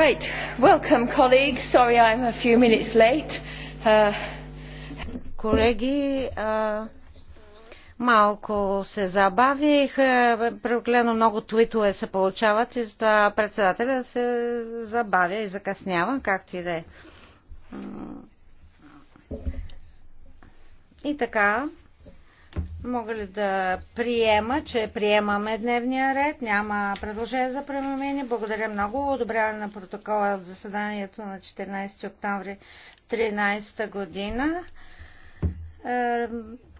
Right, welcome colleagues. Sorry I'm a few minutes late. Uh... Колеги, а, малко се забавих. Преоклено много твитове се получават и затова председателя се забавя и закъснява, както и да е. И така, Мога ли да приема, че приемаме дневния ред? Няма предложение за премамение. Благодаря много. Одобряване на протокола от заседанието на 14 октомври 2013 година. Е,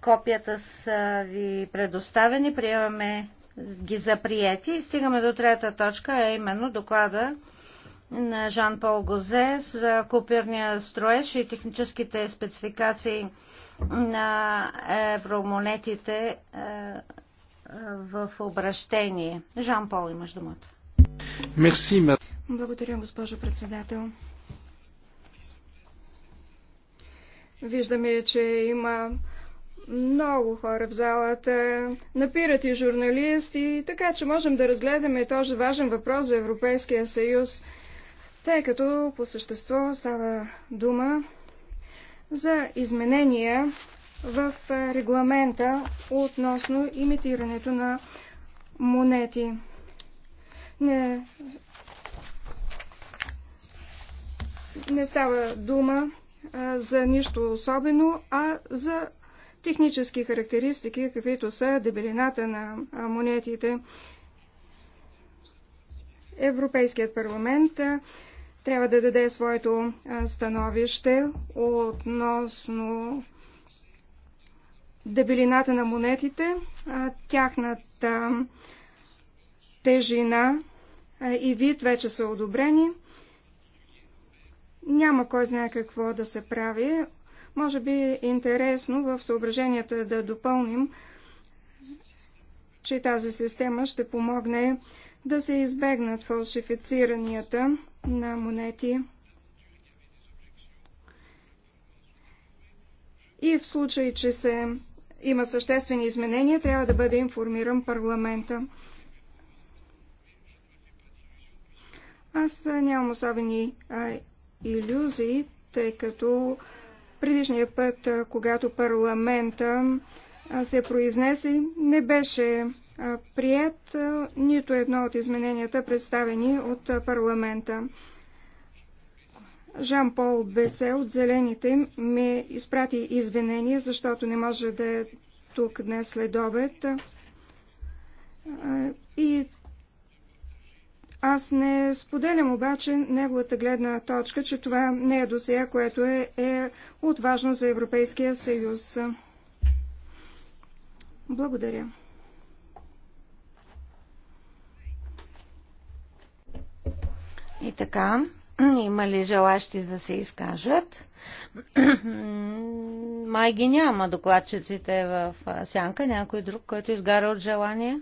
копията са ви предоставени. Приемаме ги за приети. И стигаме до трета точка, а е именно доклада на Жан-Пол Гозе за купирния строеж и техническите спецификации на евромонетите е, в обращение. Жан Пол, имаш думата. Мерси, Благодаря, госпожо председател. Виждаме, че има много хора в залата, напират и журналисти, така че можем да разгледаме този важен въпрос за Европейския съюз, тъй като по същество става дума за изменения в регламента относно имитирането на монети. Не, не става дума а, за нищо особено, а за технически характеристики, каквито са дебелината на монетите. Европейският парламент трябва да даде своето становище относно дебелината на монетите, тяхната тежина и вид вече са одобрени. Няма кой знае какво да се прави. Може би е интересно в съображенията да допълним, че тази система ще помогне да се избегнат фалшифициранията на монети. И в случай, че се има съществени изменения, трябва да бъде информиран парламента. Аз нямам особени а, иллюзии, тъй като предишния път, а, когато парламента а, се произнесе, не беше прият нито едно от измененията, представени от парламента. Жан-Пол Бесе от Зелените ми изпрати извинения, защото не може да е тук днес след обед. И аз не споделям обаче неговата гледна точка, че това не е досия, което е, е отважно за Европейския съюз. Благодаря. И така, има ли желащи да се изкажат? Май ги няма докладчиците в сянка. Някой друг, който изгаря от желание?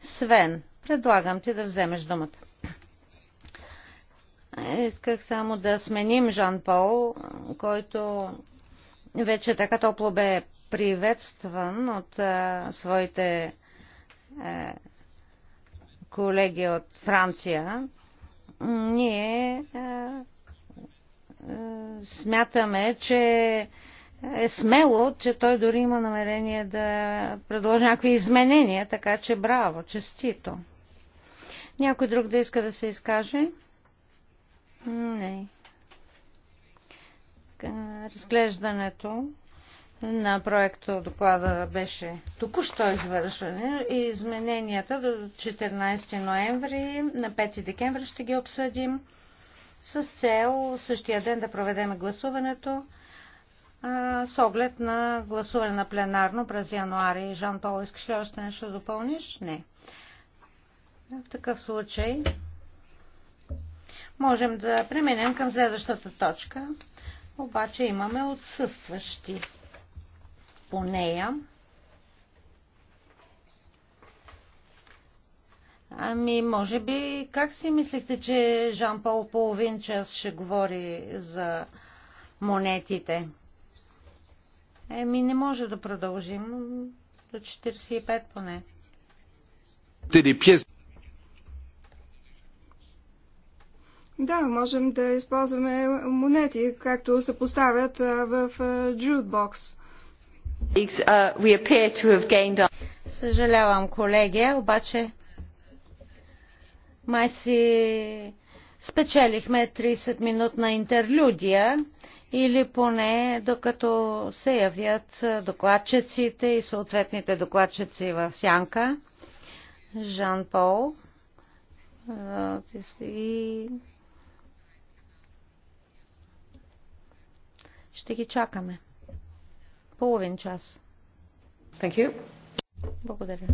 Свен, предлагам ти да вземеш думата. Исках само да сменим Жан Пол, който вече така топло бе приветстван от а, своите а, е, колеги от Франция ние е, е, смятаме, че е смело, че той дори има намерение да предложи някакви изменения, така че браво, честито. Някой друг да иска да се изкаже? Не. Разглеждането на проекто доклада беше току-що извършване и измененията до 14 ноември, на 5 декември ще ги обсъдим с цел същия ден да проведем гласуването а, с оглед на гласуване на пленарно през януари. Жан Пол, искаш ли още нещо да допълниш? Не. В такъв случай можем да преминем към следващата точка. Обаче имаме отсъстващи по нея. Ами, може би, как си мислихте, че Жан-Пол половин час ще говори за монетите? Еми, не може да продължим до 45 поне. Да, можем да използваме монети, както се поставят в джудбокс. Uh, Съжалявам, колеги, обаче май си спечелихме 30 минут на интерлюдия или поне докато се явят докладчиците и съответните докладчици в сянка. Жан Пол и ще ги чакаме половин час. Thank you. Благодаря.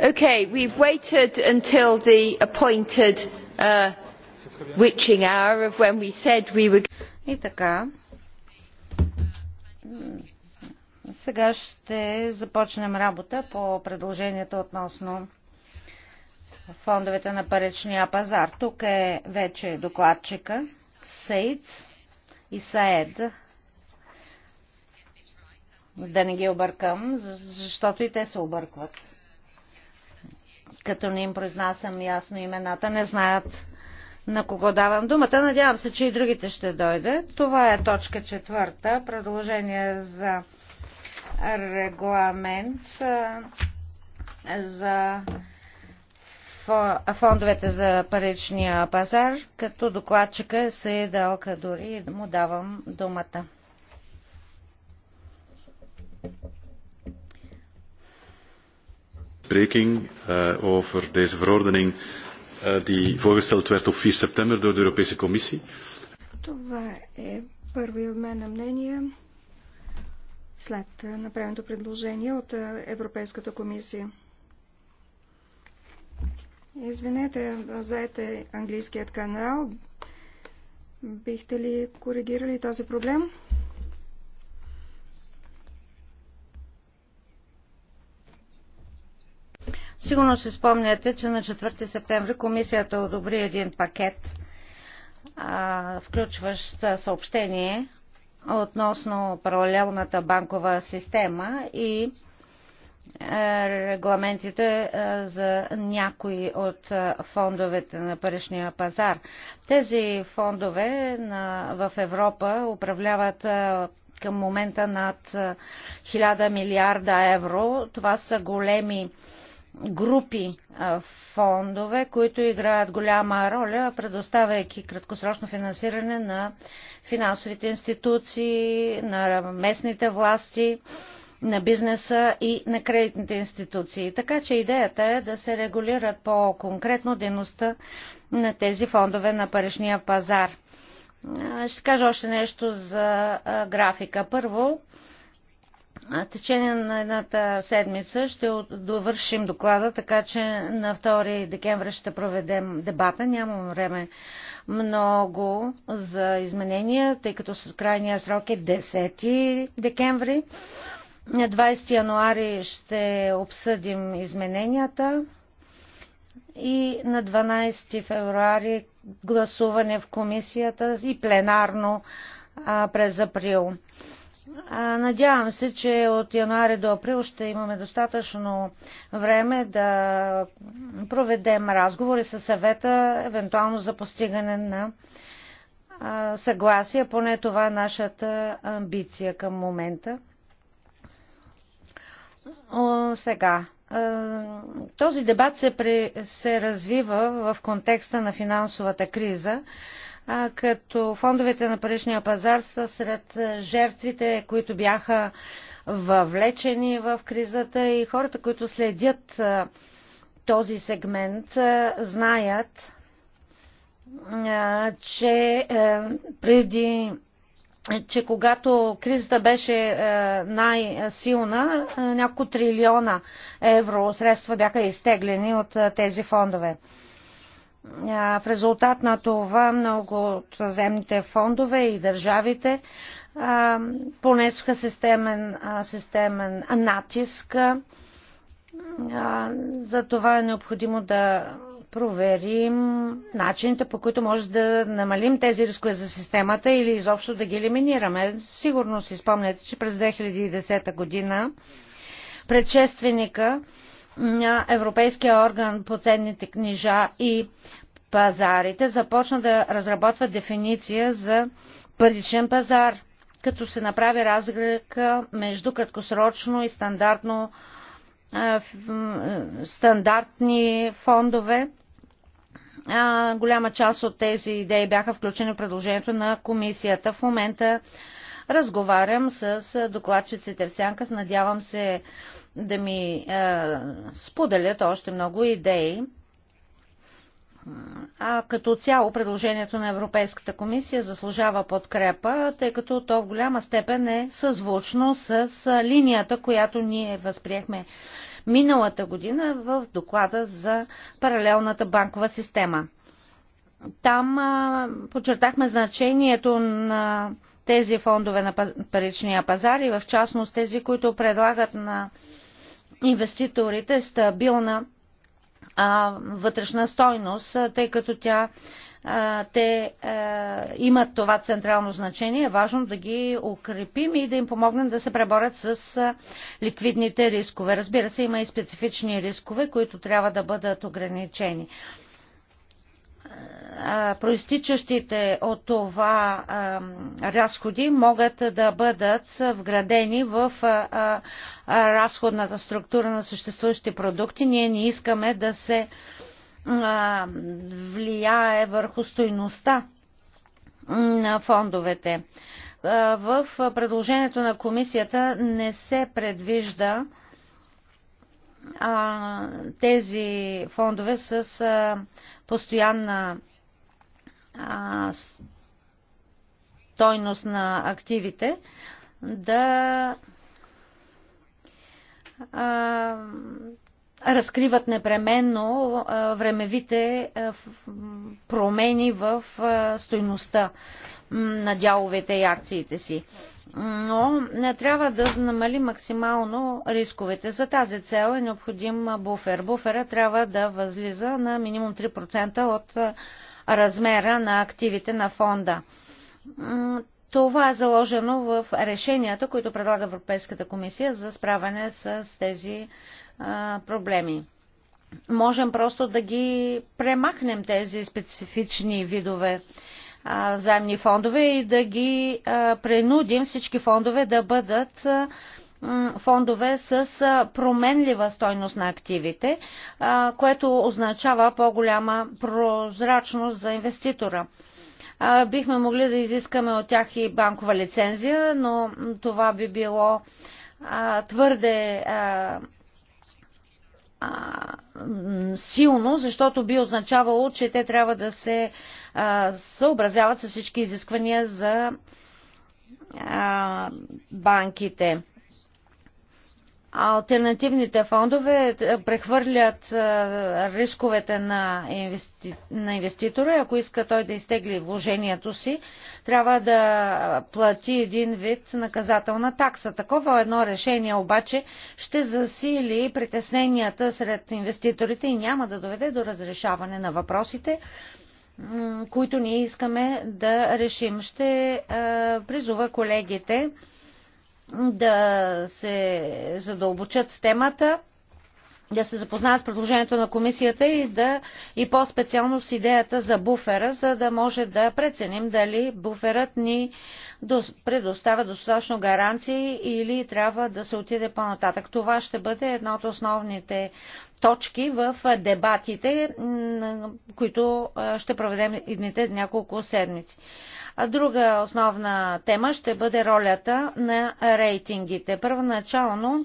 Okay, have waited until the appointed uh, witching hour of when we said we were... going to. И така, сега ще започнем работа по предложението относно фондовете на паричния пазар. Тук е вече докладчика Сейд и Саед. Да не ги объркам, защото и те се объркват като не им произнасям ясно имената, не знаят на кого давам думата. Надявам се, че и другите ще дойде. Това е точка четвърта. Предложение за регламент за фондовете за паричния пазар, като докладчика се е далка дори и му давам думата bespreking eh, over deze verordening eh, die voorgesteld werd op 4 september door de Europese Commissie. Това е на след е, направеното предложение от е, Европейската комисия. Извинете, заете английският канал. Бихте ли коригирали този проблем? Сигурно си спомняте, че на 4 септември комисията одобри един пакет, включващ съобщение относно паралелната банкова система и е, регламентите е, за някои от е, фондовете на паричния пазар. Тези фондове в Европа управляват към момента над 1000 милиарда евро. Това са големи групи фондове, които играят голяма роля, предоставяйки краткосрочно финансиране на финансовите институции, на местните власти, на бизнеса и на кредитните институции. Така че идеята е да се регулират по-конкретно дейността на тези фондове на паричния пазар. Ще кажа още нещо за графика. Първо, в течение на едната седмица ще довършим доклада, така че на 2 декември ще проведем дебата. Нямам време много за изменения, тъй като крайния срок е 10 декември. На 20 януари ще обсъдим измененията и на 12 февруари гласуване в комисията и пленарно а, през април. Надявам се, че от януари до април ще имаме достатъчно време да проведем разговори с съвета, евентуално за постигане на съгласие, поне това е нашата амбиция към момента. Сега, този дебат се, при, се развива в контекста на финансовата криза като фондовете на паричния пазар са сред жертвите, които бяха въвлечени в кризата и хората, които следят този сегмент, знаят, че е, преди че когато кризата беше е, най-силна, е, няколко трилиона евро средства бяха изтеглени от тези фондове. В резултат на това много от земните фондове и държавите понесоха системен, системен натиск. За това е необходимо да проверим начините, по които може да намалим тези рискове за системата или изобщо да ги елиминираме. Сигурно си спомняте, че през 2010 година предшественика на Европейския орган по ценните книжа и пазарите започна да разработва дефиниция за първичен пазар, като се направи разлика между краткосрочно и стандартно стандартни фондове. Голяма част от тези идеи бяха включени в предложението на комисията. В момента разговарям с докладчиците в Сянка. Надявам се да ми споделят още много идеи. А като цяло предложението на Европейската комисия заслужава подкрепа, тъй като то в голяма степен е съзвучно с линията, която ние възприехме миналата година в доклада за паралелната банкова система. Там а, подчертахме значението на тези фондове на паричния пазар и в частност тези, които предлагат на инвеститорите стабилна а, вътрешна стойност, тъй като тя те е, имат това централно значение, е важно да ги укрепим и да им помогнем да се преборят с ликвидните рискове. Разбира се, има и специфични рискове, които трябва да бъдат ограничени проистичащите от това разходи могат да бъдат вградени в разходната структура на съществуващите продукти. Ние не искаме да се влияе върху стойността на фондовете. В предложението на комисията не се предвижда а, тези фондове с а, постоянна а, стойност на активите да а, разкриват непременно а, времевите а, промени в а, стойността на дяловете и акциите си. А, но не трябва да намали максимално рисковете. За тази цел е необходим буфер. Буфера трябва да възлиза на минимум 3% от размера на активите на фонда. Това е заложено в решенията, които предлага Европейската комисия за справяне с тези проблеми. Можем просто да ги премахнем тези специфични видове заемни фондове и да ги принудим всички фондове да бъдат фондове с променлива стойност на активите, което означава по-голяма прозрачност за инвеститора. Бихме могли да изискаме от тях и банкова лицензия, но това би било твърде силно, защото би означавало, че те трябва да се съобразяват с всички изисквания за банките. Альтернативните фондове е, прехвърлят рисковете на, инвести... на инвеститора. Ако иска той да изтегли вложението си, трябва да плати един вид наказателна такса. Такова едно решение обаче ще засили притесненията сред инвеститорите и няма да доведе до разрешаване на въпросите които ние искаме да решим. Ще е, призова колегите да се задълбочат в темата да се запознаят с предложението на комисията и, да, и по-специално с идеята за буфера, за да може да преценим дали буферът ни предоставя достатъчно гаранции или трябва да се отиде по-нататък. Това ще бъде една от основните точки в дебатите, които ще проведем едните няколко седмици. Друга основна тема ще бъде ролята на рейтингите. Първоначално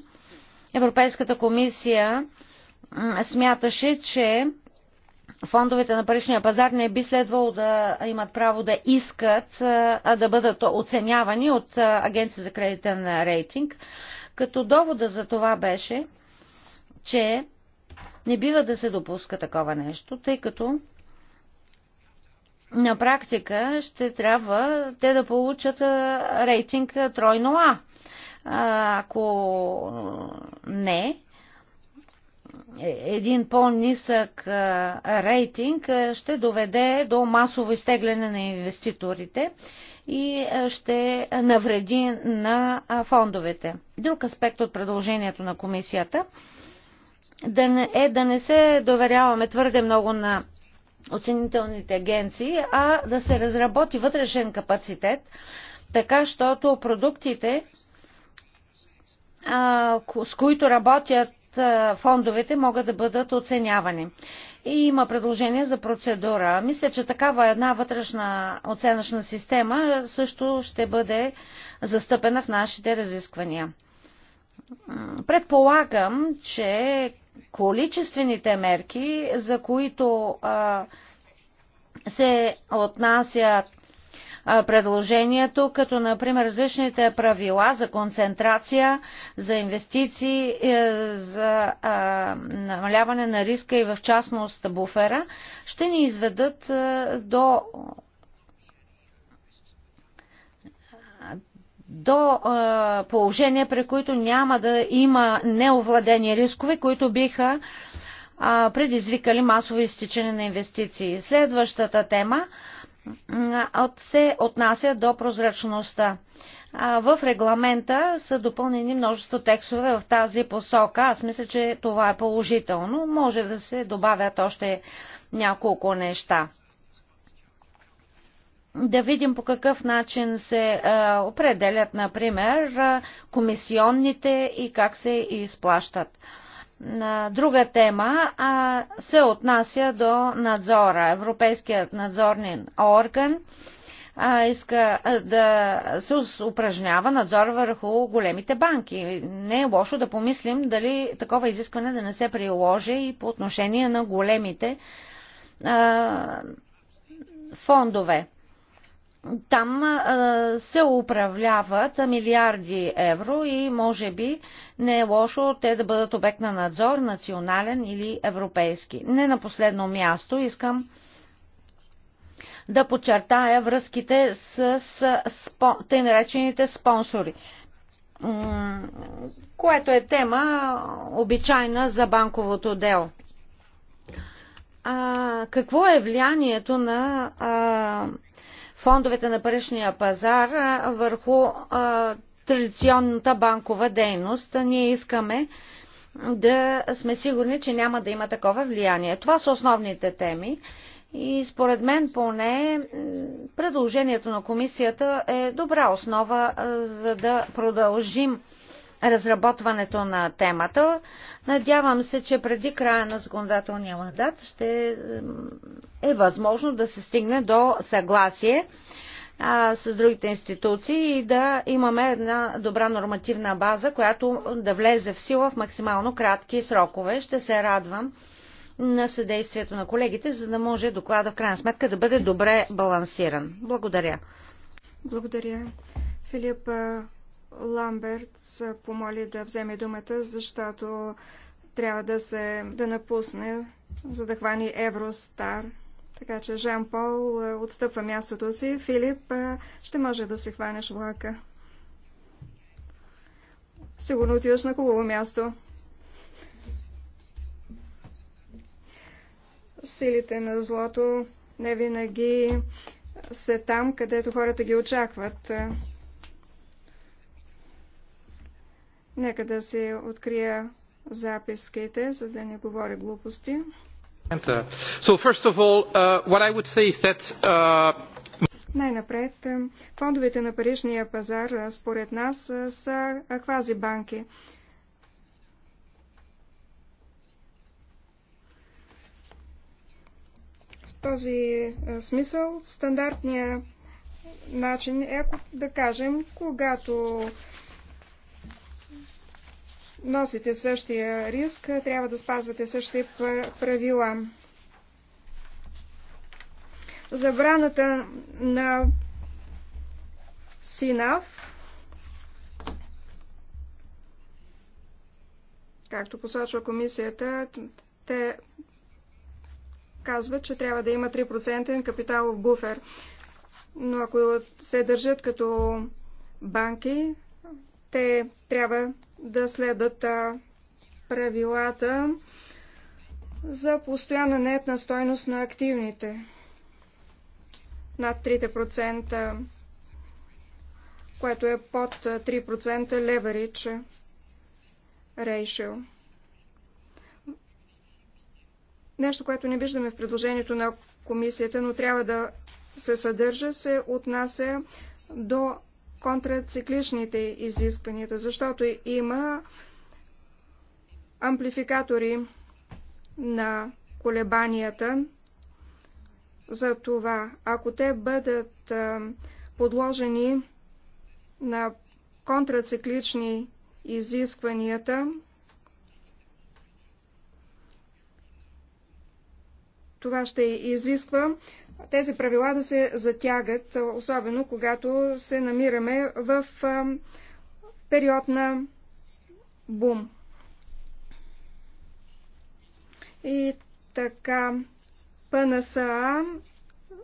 Европейската комисия смяташе, че фондовете на паричния пазар не би следвало да имат право да искат а да бъдат оценявани от Агенция за кредитен рейтинг. Като довода за това беше, че не бива да се допуска такова нещо, тъй като на практика ще трябва те да получат рейтинг тройно А. Ако не, е, един по-нисък рейтинг ще доведе до масово изтегляне на инвеститорите и ще навреди на фондовете. Друг аспект от предложението на комисията е да не се доверяваме твърде много на оценителните агенции, а да се разработи вътрешен капацитет, така, щото продуктите с които работят фондовете могат да бъдат оценявани. И има предложение за процедура. Мисля, че такава една вътрешна оценъчна система също ще бъде застъпена в нашите разисквания. Предполагам, че количествените мерки, за които а, се отнасят предложението, като например различните правила за концентрация, за инвестиции, е, за намаляване на риска и в частност буфера, ще ни изведат е, до до е, положения, при които няма да има неовладени рискове, които биха предизвикали масово изтичане на инвестиции. Следващата тема от, се отнася до прозрачността. В регламента са допълнени множество текстове в тази посока. Аз мисля, че това е положително. Може да се добавят още няколко неща. Да видим по какъв начин се определят, например, комисионните и как се изплащат на друга тема а, се отнася до надзора. Европейският надзорен орган а, иска да се упражнява надзор върху големите банки. Не е лошо да помислим дали такова изискване да не се приложи и по отношение на големите а, фондове. Там се управляват милиарди евро и може би не е лошо те да бъдат обект на надзор, национален или европейски. Не на последно място искам да подчертая връзките с, с, с тъй наречените спонсори, което е тема обичайна за банковото дело. А, какво е влиянието на а, фондовете на паричния пазар върху традиционната банкова дейност. Ние искаме да сме сигурни, че няма да има такова влияние. Това са основните теми. И според мен поне предложението на комисията е добра основа, за да продължим разработването на темата. Надявам се, че преди края на законодателния мандат ще е възможно да се стигне до съгласие с другите институции и да имаме една добра нормативна база, която да влезе в сила в максимално кратки срокове. Ще се радвам на съдействието на колегите, за да може доклада в крайна сметка да бъде добре балансиран. Благодаря. Благодаря. Филип Ламберт помоли да вземе думата, защото трябва да, се, да напусне, за да хвани Евростар. Така че Жан Пол е, отстъпва мястото си. Филип, е, ще може да се хванеш влака. Сигурно отиваш на хубаво място. Силите на злото не винаги са там, където хората ги очакват. Нека да се открия записките, за да не говори глупости. Най-напред, фондовете на паричния пазар, е, според нас, е, са квази банки. В този е, смисъл, стандартният начин е, да кажем, когато носите същия риск, трябва да спазвате същите правила. Забраната на СИНАВ, както посочва комисията, те казват, че трябва да има 3% капиталов буфер. Но ако се държат като банки, те трябва да следват правилата за постоянна нетна стойност на активните над 3%, което е под 3% leverage ratio. Нещо, което не виждаме в предложението на комисията, но трябва да се съдържа, се отнася до контрацикличните изискванията, защото има амплификатори на колебанията. За това, ако те бъдат подложени на контрациклични изискванията, това ще изисква тези правила да се затягат, особено когато се намираме в период на бум. И така, ПНСА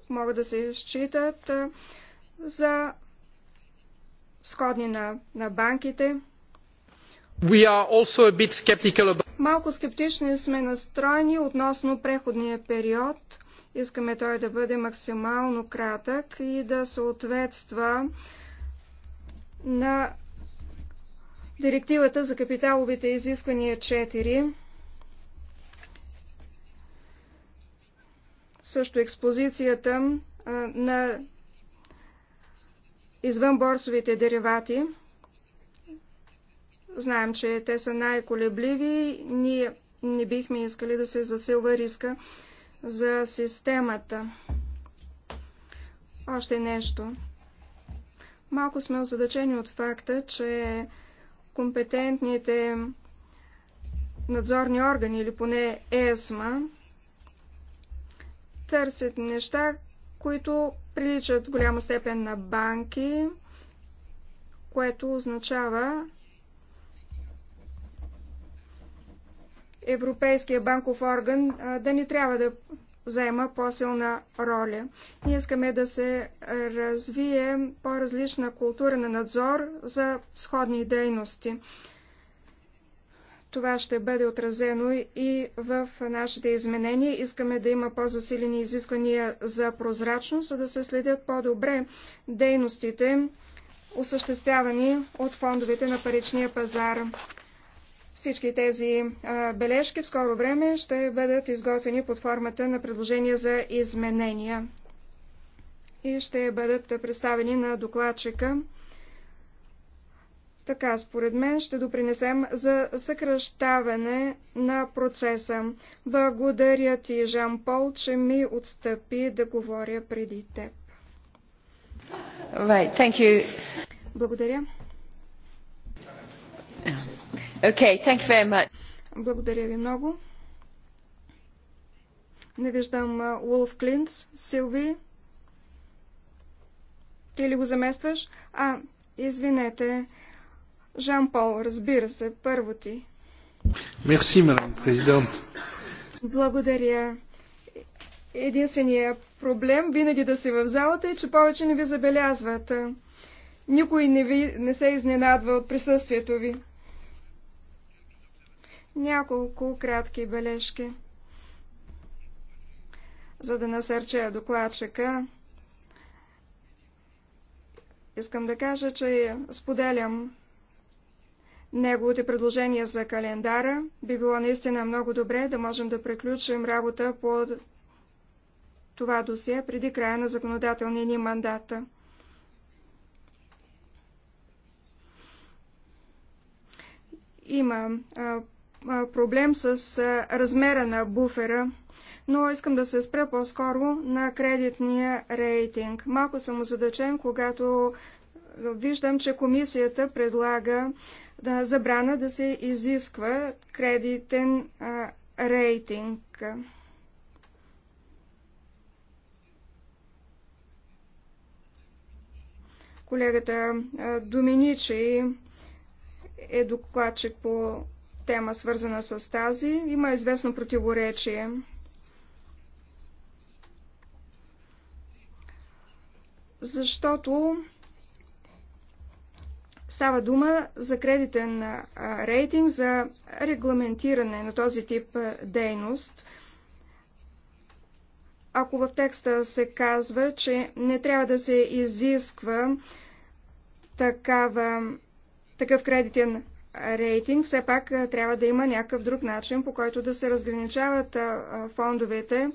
могат да се считат за сходни на, на банките. We are also a bit about... Малко скептични сме настроени относно преходния период – Искаме той да бъде максимално кратък и да съответства на Директивата за капиталовите изисквания 4 също експозицията на извънборсовите деривати. Знаем, че те са най-колебливи. Ние не бихме искали да се засилва риска за системата. Още нещо. Малко сме озадачени от факта, че компетентните надзорни органи, или поне ЕСМА, търсят неща, които приличат в голяма степен на банки, което означава, Европейския банков орган да не трябва да заема по-силна роля. Ние искаме да се развие по-различна култура на надзор за сходни дейности. Това ще бъде отразено и в нашите изменения. Искаме да има по-засилени изисквания за прозрачност, за да се следят по-добре дейностите, осъществявани от фондовете на паричния пазар. Всички тези а, бележки в скоро време ще бъдат изготвени под формата на предложения за изменения и ще бъдат представени на докладчика. Така, според мен, ще допринесем за съкръщаване на процеса. Благодаря ти, Жан Пол, че ми отстъпи да говоря преди теб. Right, thank you. Благодаря. Okay, thank you very much. Благодаря ви много. Не виждам Улф Клинц. Силви? Ти ли го заместваш? А, извинете. Жан Пол, разбира се, първо ти. Мерси, мадам президент. Благодаря. Единственият проблем винаги да си в залата е, че повече не ви забелязват. Никой не, ви, не се изненадва от присъствието ви няколко кратки бележки, за да насърча докладчика. Искам да кажа, че споделям неговите предложения за календара. Би било наистина много добре да можем да приключим работа по това досие преди края на законодателния ни мандата. Има проблем с размера на буфера, но искам да се спра по-скоро на кредитния рейтинг. Малко съм озадачен, когато виждам, че комисията предлага да забрана да се изисква кредитен рейтинг. Колегата Доминичи е докладчик по тема, свързана с тази. Има известно противоречие. Защото става дума за кредитен рейтинг, за регламентиране на този тип дейност. Ако в текста се казва, че не трябва да се изисква такава, такъв кредитен рейтинг, все пак трябва да има някакъв друг начин, по който да се разграничават фондовете,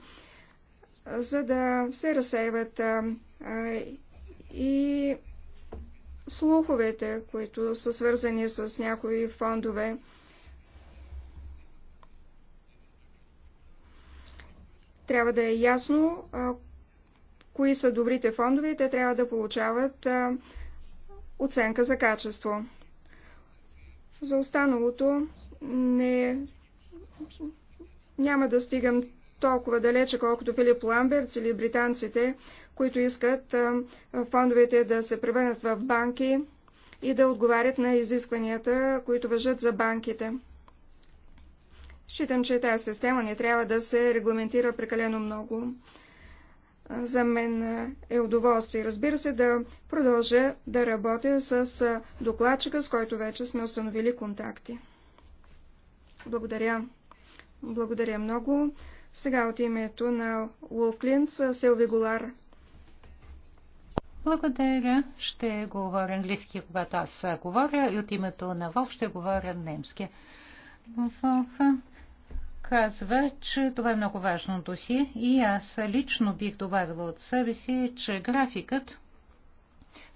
за да се разсейват и слуховете, които са свързани с някои фондове. Трябва да е ясно кои са добрите фондове и те трябва да получават оценка за качество. За останалото не... няма да стигам толкова далече, колкото Филип Ламберт или британците, които искат фондовете да се превърнат в банки и да отговарят на изискванията, които въжат за банките. Считам, че тази система не трябва да се регламентира прекалено много за мен е удоволствие, разбира се, да продължа да работя с докладчика, с който вече сме установили контакти. Благодаря. Благодаря много. Сега от името на Уолфлинс Силви Голар. Благодаря. Ще говоря английски, когато аз говоря и от името на Вов ще говоря немски. В казва, че това е много важно доси и аз лично бих добавила от себе си, че графикът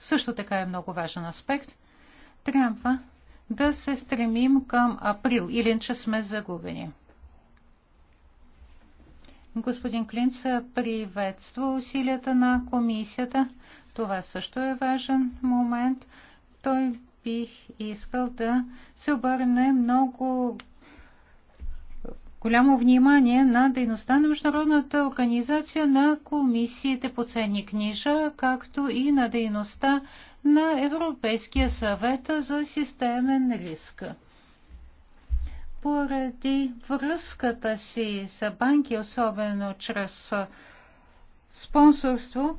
също така е много важен аспект. Трябва да се стремим към април, или че сме загубени. Господин Клинц приветства усилията на комисията. Това също е важен момент. Той бих искал да се обърне много голямо внимание на дейността на Международната организация на комисиите по ценни книжа, както и на дейността на Европейския съвет за системен риск. Поради връзката си с банки, особено чрез спонсорство,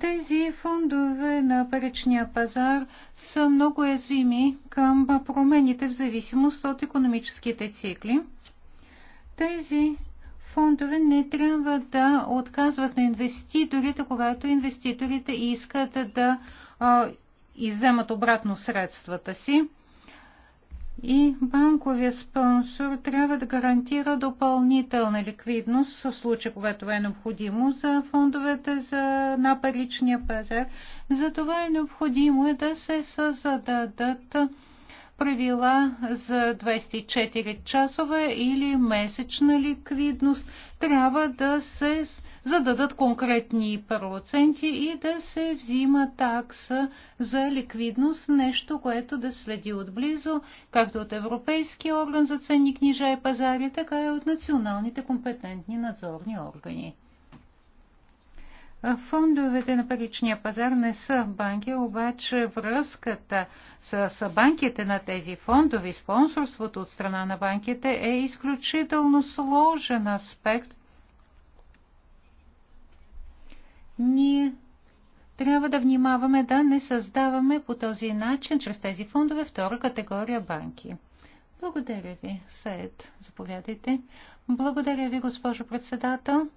тези фондове на паричния пазар са много уязвими към промените в зависимост от економическите цикли – тези фондове не трябва да отказват на инвеститорите, когато инвеститорите искат да а, изземат обратно средствата си. И банковия спонсор трябва да гарантира допълнителна ликвидност в случай, когато това е необходимо за фондовете за, на паричния пазар. Затова е необходимо е да се създадат правила за 24 часове или месечна ликвидност. Трябва да се зададат конкретни проценти и да се взима такса за ликвидност, нещо, което да следи отблизо, както от Европейския орган за ценни книжа и пазари, така и от националните компетентни надзорни органи. Фондовете на паричния пазар не са банки, обаче връзката с банките на тези фондове, спонсорството от страна на банките е изключително сложен аспект. Ние трябва да внимаваме да не създаваме по този начин, чрез тези фондове, втора категория банки. Благодаря ви, Саед. Заповядайте. Благодаря ви, госпожо председател.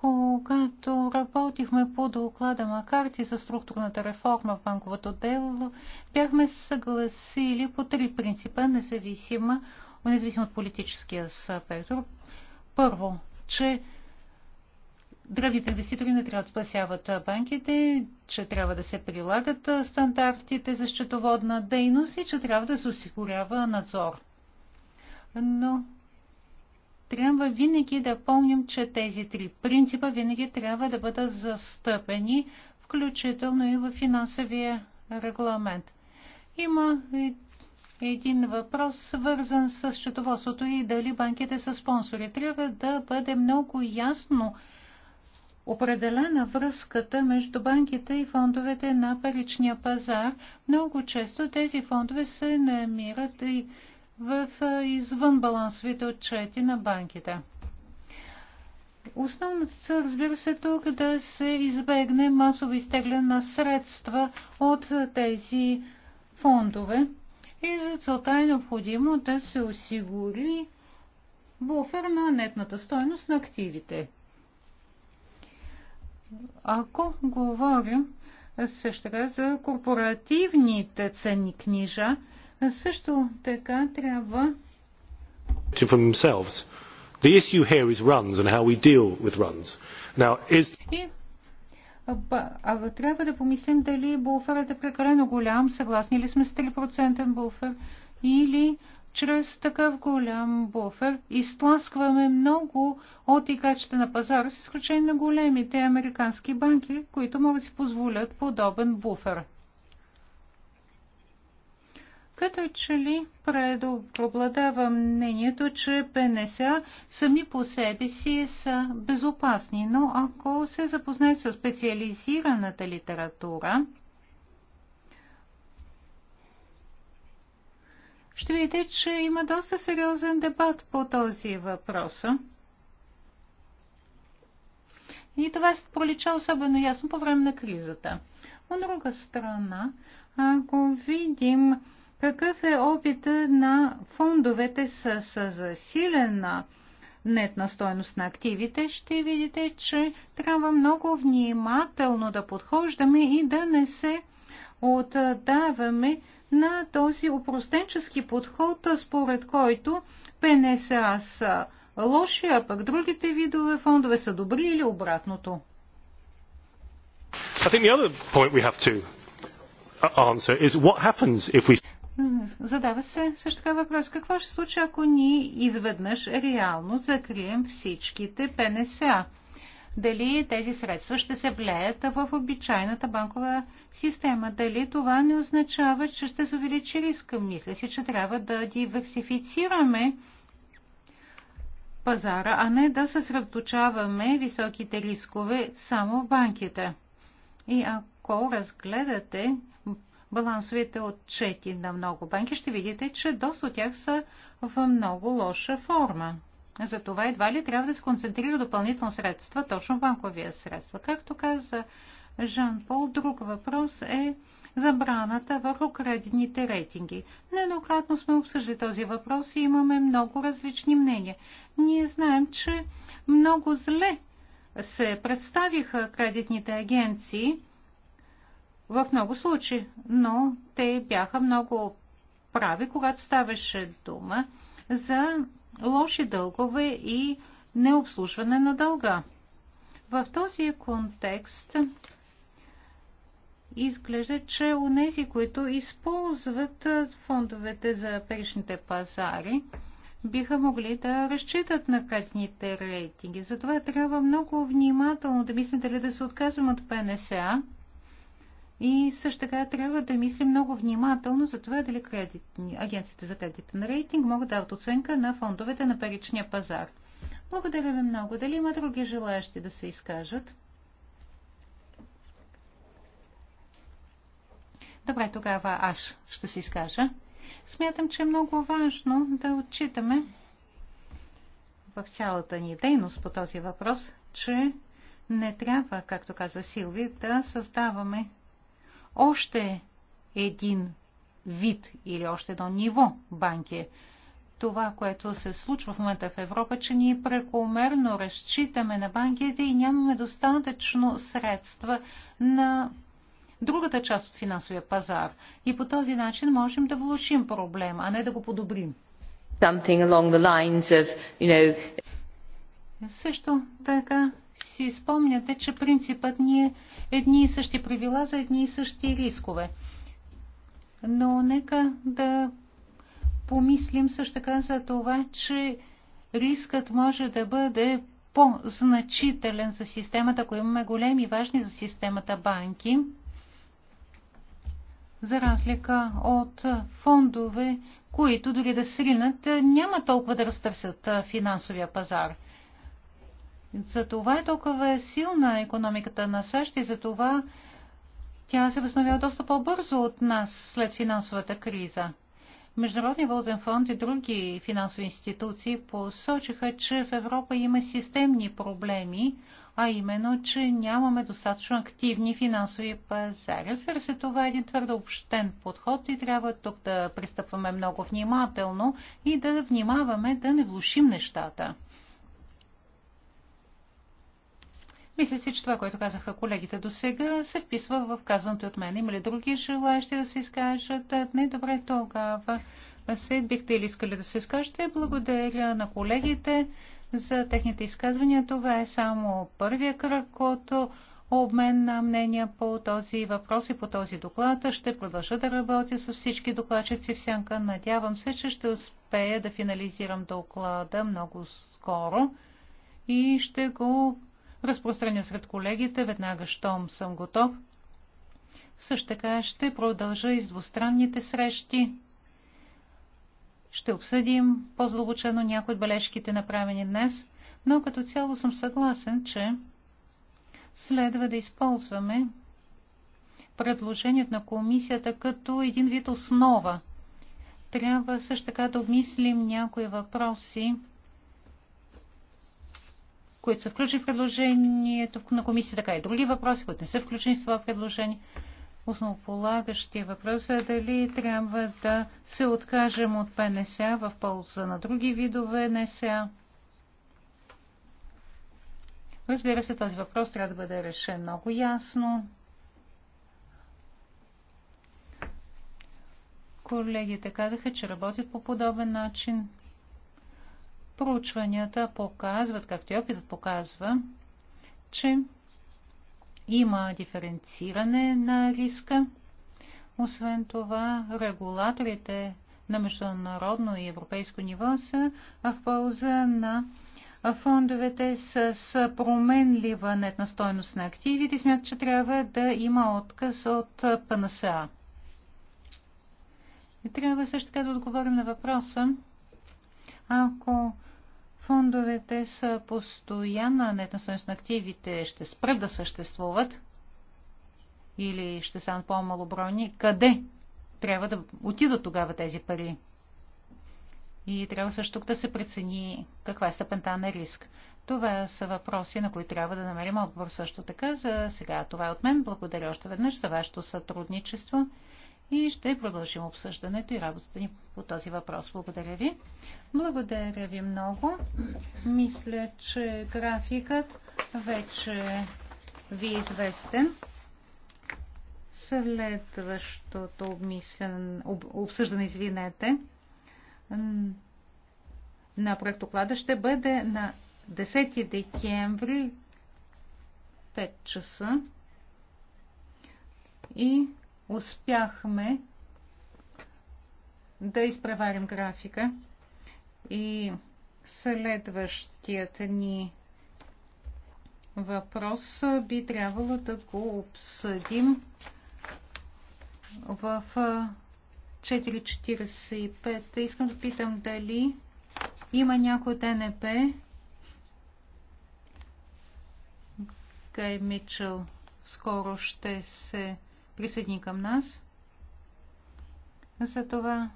Когато работихме по доклада Макарти за структурната реформа в банковото дело, бяхме съгласили по три принципа, независима, независимо от политическия спектър. Първо, че древните инвеститори не трябва да спасяват банките, че трябва да се прилагат стандартите за счетоводна дейност и че трябва да се осигурява надзор. Но трябва винаги да помним, че тези три принципа винаги трябва да бъдат застъпени, включително и в финансовия регламент. Има един въпрос, свързан с счетоводството и дали банките са спонсори. Трябва да бъде много ясно определена връзката между банките и фондовете на паричния пазар. Много често тези фондове се намират и в извънбалансовите отчети на банките. Основната цел, разбира се, е тук е да се избегне масово изтегляне на средства от тези фондове. И за целта е необходимо да се осигури буфер на нетната стойност на активите. Ако говорим също така за корпоративните ценни книжа, също така трябва и трябва да помислим дали буферът е прекалено голям, съгласни ли сме с 3% буфер или чрез такъв голям буфер изтласкваме много от икачета на пазара, с изключение на големите американски банки, които могат да си позволят подобен буфер като че ли преобладава мнението, че ПНСА сами по себе си са безопасни, но ако се запознаят с специализираната литература, ще видите, че има доста сериозен дебат по този въпрос. И това се пролича особено ясно по време на кризата. От друга страна, ако видим какъв е опита на фондовете с, с засилена нетна стойност на активите, ще видите, че трябва много внимателно да подхождаме и да не се отдаваме на този упростенчески подход, според който ПНСА са лоши, а пък другите видове фондове са добри или обратното. I think the other point we have to answer is what happens if we Задава се също така въпрос, какво ще случи, ако ние изведнъж реално закрием всичките ПНСА? Дали тези средства ще се влеят в обичайната банкова система? Дали това не означава, че ще се увеличи риска? Мисля си, че трябва да диверсифицираме пазара, а не да съсредоточаваме високите рискове само в банките. И ако разгледате балансовите отчети на много банки, ще видите, че доста от тях са в много лоша форма. Затова едва ли трябва да се концентрира допълнително средства, точно банковия средства. Както каза Жан Пол, друг въпрос е забраната върху кредитните рейтинги. Нееднократно сме обсъждали този въпрос и имаме много различни мнения. Ние знаем, че много зле се представиха кредитните агенции в много случаи, но те бяха много прави, когато ставаше дума за лоши дългове и необслужване на дълга. В този контекст изглежда, че у нези, които използват фондовете за паричните пазари, биха могли да разчитат на кредитните рейтинги. Затова трябва много внимателно да мислим дали да се отказваме от ПНСА и също така трябва да мислим много внимателно за това дали кредит, агенциите за кредитен рейтинг могат да дават оценка на фондовете на паричния пазар. Благодаря ви много. Дали има други желаящи да се изкажат? Добре, тогава аз ще се изкажа. Смятам, че е много важно да отчитаме в цялата ни дейност по този въпрос, че не трябва, както каза Силви, да създаваме още един вид или още едно ниво банки. Това, което се случва в момента в Европа, че ние прекомерно разчитаме на банките и нямаме достатъчно средства на другата част от финансовия пазар. И по този начин можем да влушим проблема, а не да го подобрим. Of, you know... Също така си спомняте, че принципът ние е едни и същи правила за едни и същи рискове. Но нека да помислим също така за това, че рискът може да бъде по-значителен за системата, ако имаме големи и важни за системата банки, за разлика от фондове, които дори да сринат, няма толкова да разтърсят финансовия пазар – за това е толкова силна економиката на САЩ и затова тя се възстановява доста по-бързо от нас след финансовата криза. Международния валутен фонд и други финансови институции посочиха, че в Европа има системни проблеми, а именно, че нямаме достатъчно активни финансови пазари. Разбира се, това е един твърдо общен подход и трябва тук да пристъпваме много внимателно и да внимаваме да не влушим нещата. Мисля си, че това, което казаха колегите до сега, се вписва в казаното от мен. Има ли други желаящи да се изкажат? Не, добре, тогава се бихте ли искали да се изкажете. Благодаря на колегите за техните изказвания. Това е само първия кръг от обмен на мнения по този въпрос и по този доклад. Ще продължа да работя с всички докладчици в сянка. Надявам се, че ще успея да финализирам доклада много скоро и ще го разпространя сред колегите, веднага щом съм готов. Също така ще продължа и с двустранните срещи. Ще обсъдим по-задълбочено някои от бележките, направени днес, но като цяло съм съгласен, че следва да използваме предложението на комисията като един вид основа. Трябва също така да обмислим някои въпроси, които са включени в предложението на комисия, така и други въпроси, които не са включени в това предложение. Основополагащия въпрос е дали трябва да се откажем от ПНСА в полза на други видове НСА. Разбира се, този въпрос трябва да бъде решен много ясно. Колегите казаха, че работят по подобен начин. Проучванията показват, както и опитът показва, че има диференциране на риска. Освен това, регулаторите на международно и европейско ниво са в полза на фондовете с променлива нетна стойност на активите. Смятат, че трябва да има отказ от ПНСА. И трябва също така да отговорим на въпроса ако фондовете са постоянна нетнастойност на активите, ще спрат да съществуват или ще станат по-малобройни, къде трябва да отидат тогава тези пари? И трябва също тук да се прецени каква е степента на риск. Това са въпроси, на които трябва да намерим отговор също така. За сега това е от мен. Благодаря още веднъж за вашето сътрудничество и ще продължим обсъждането и работата ни по този въпрос. Благодаря ви. Благодаря ви много. Мисля, че графикът вече ви е известен. Следващото обсъждане, извинете, на проектоклада ще бъде на 10 декември 5 часа и успяхме да изпреварим графика и следващият ни въпрос би трябвало да го обсъдим в 4.45. Искам да питам дали има някой от НП. Гай Мичел скоро ще се присъедини към нас. Затова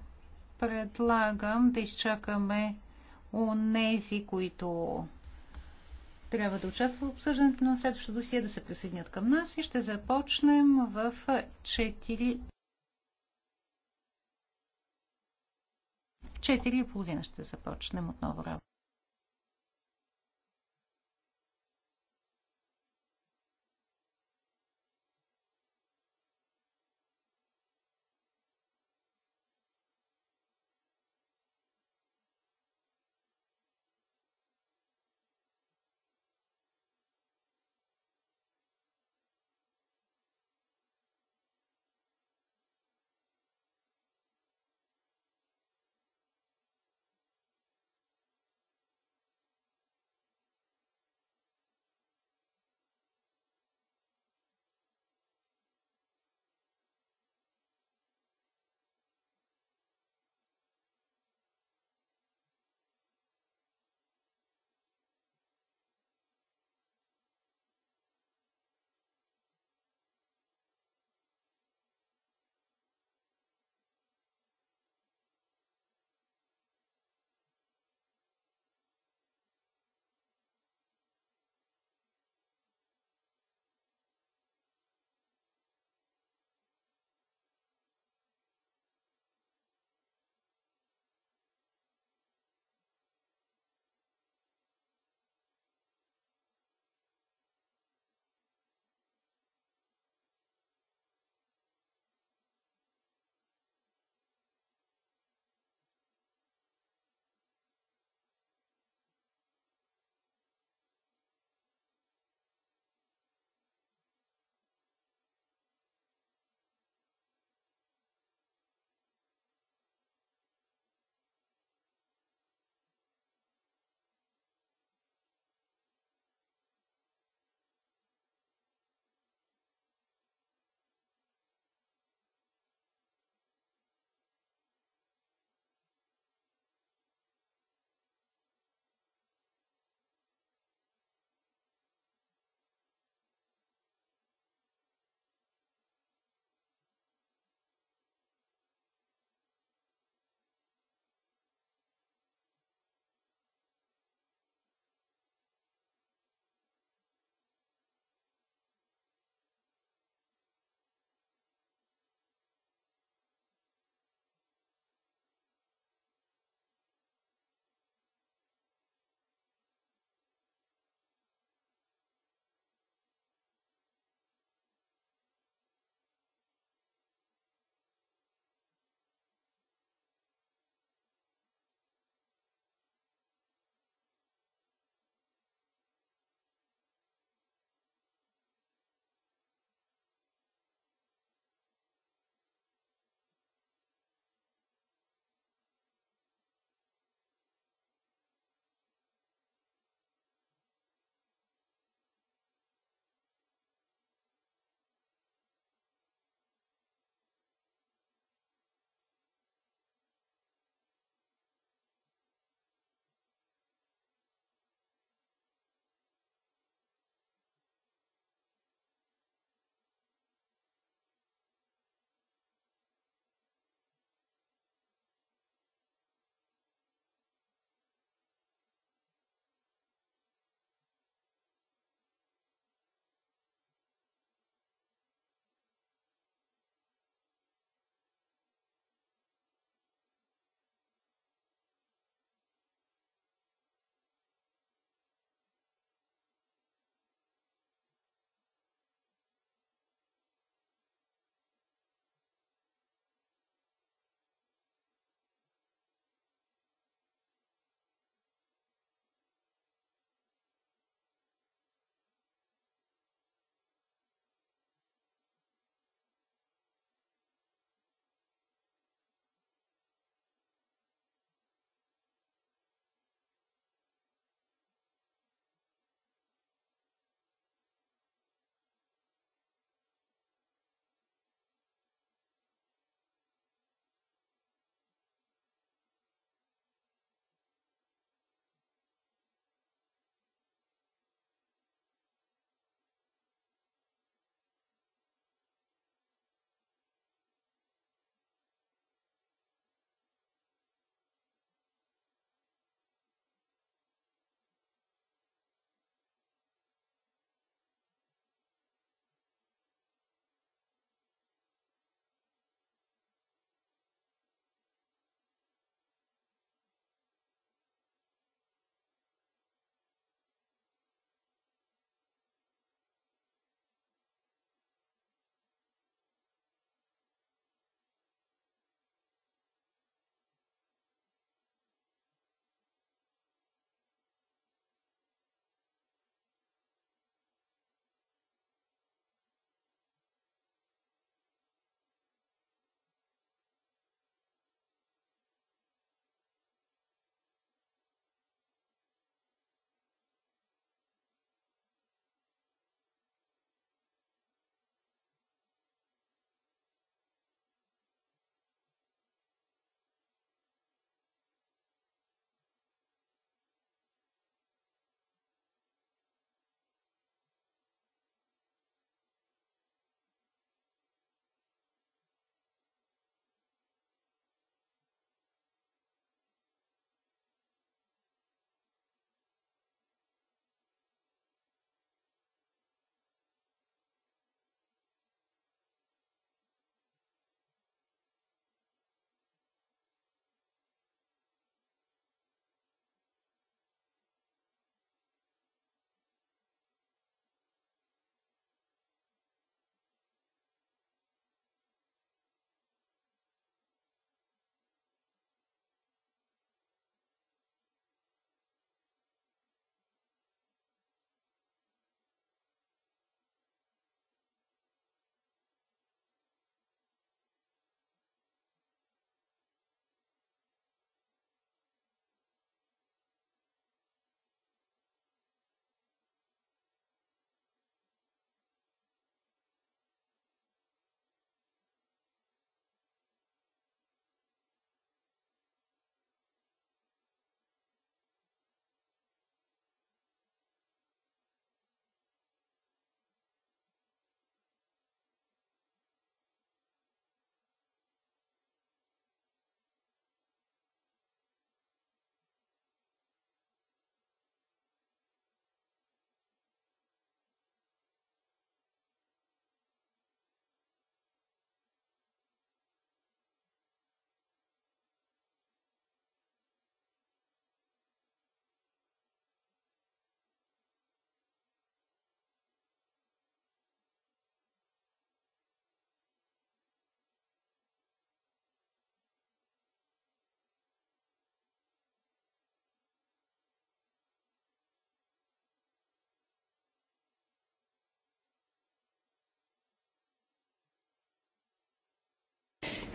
предлагам да изчакаме нези, които трябва да участват в обсъждането на следващото досие, да се присъединят към нас и ще започнем в 4... и половина ще започнем отново работа.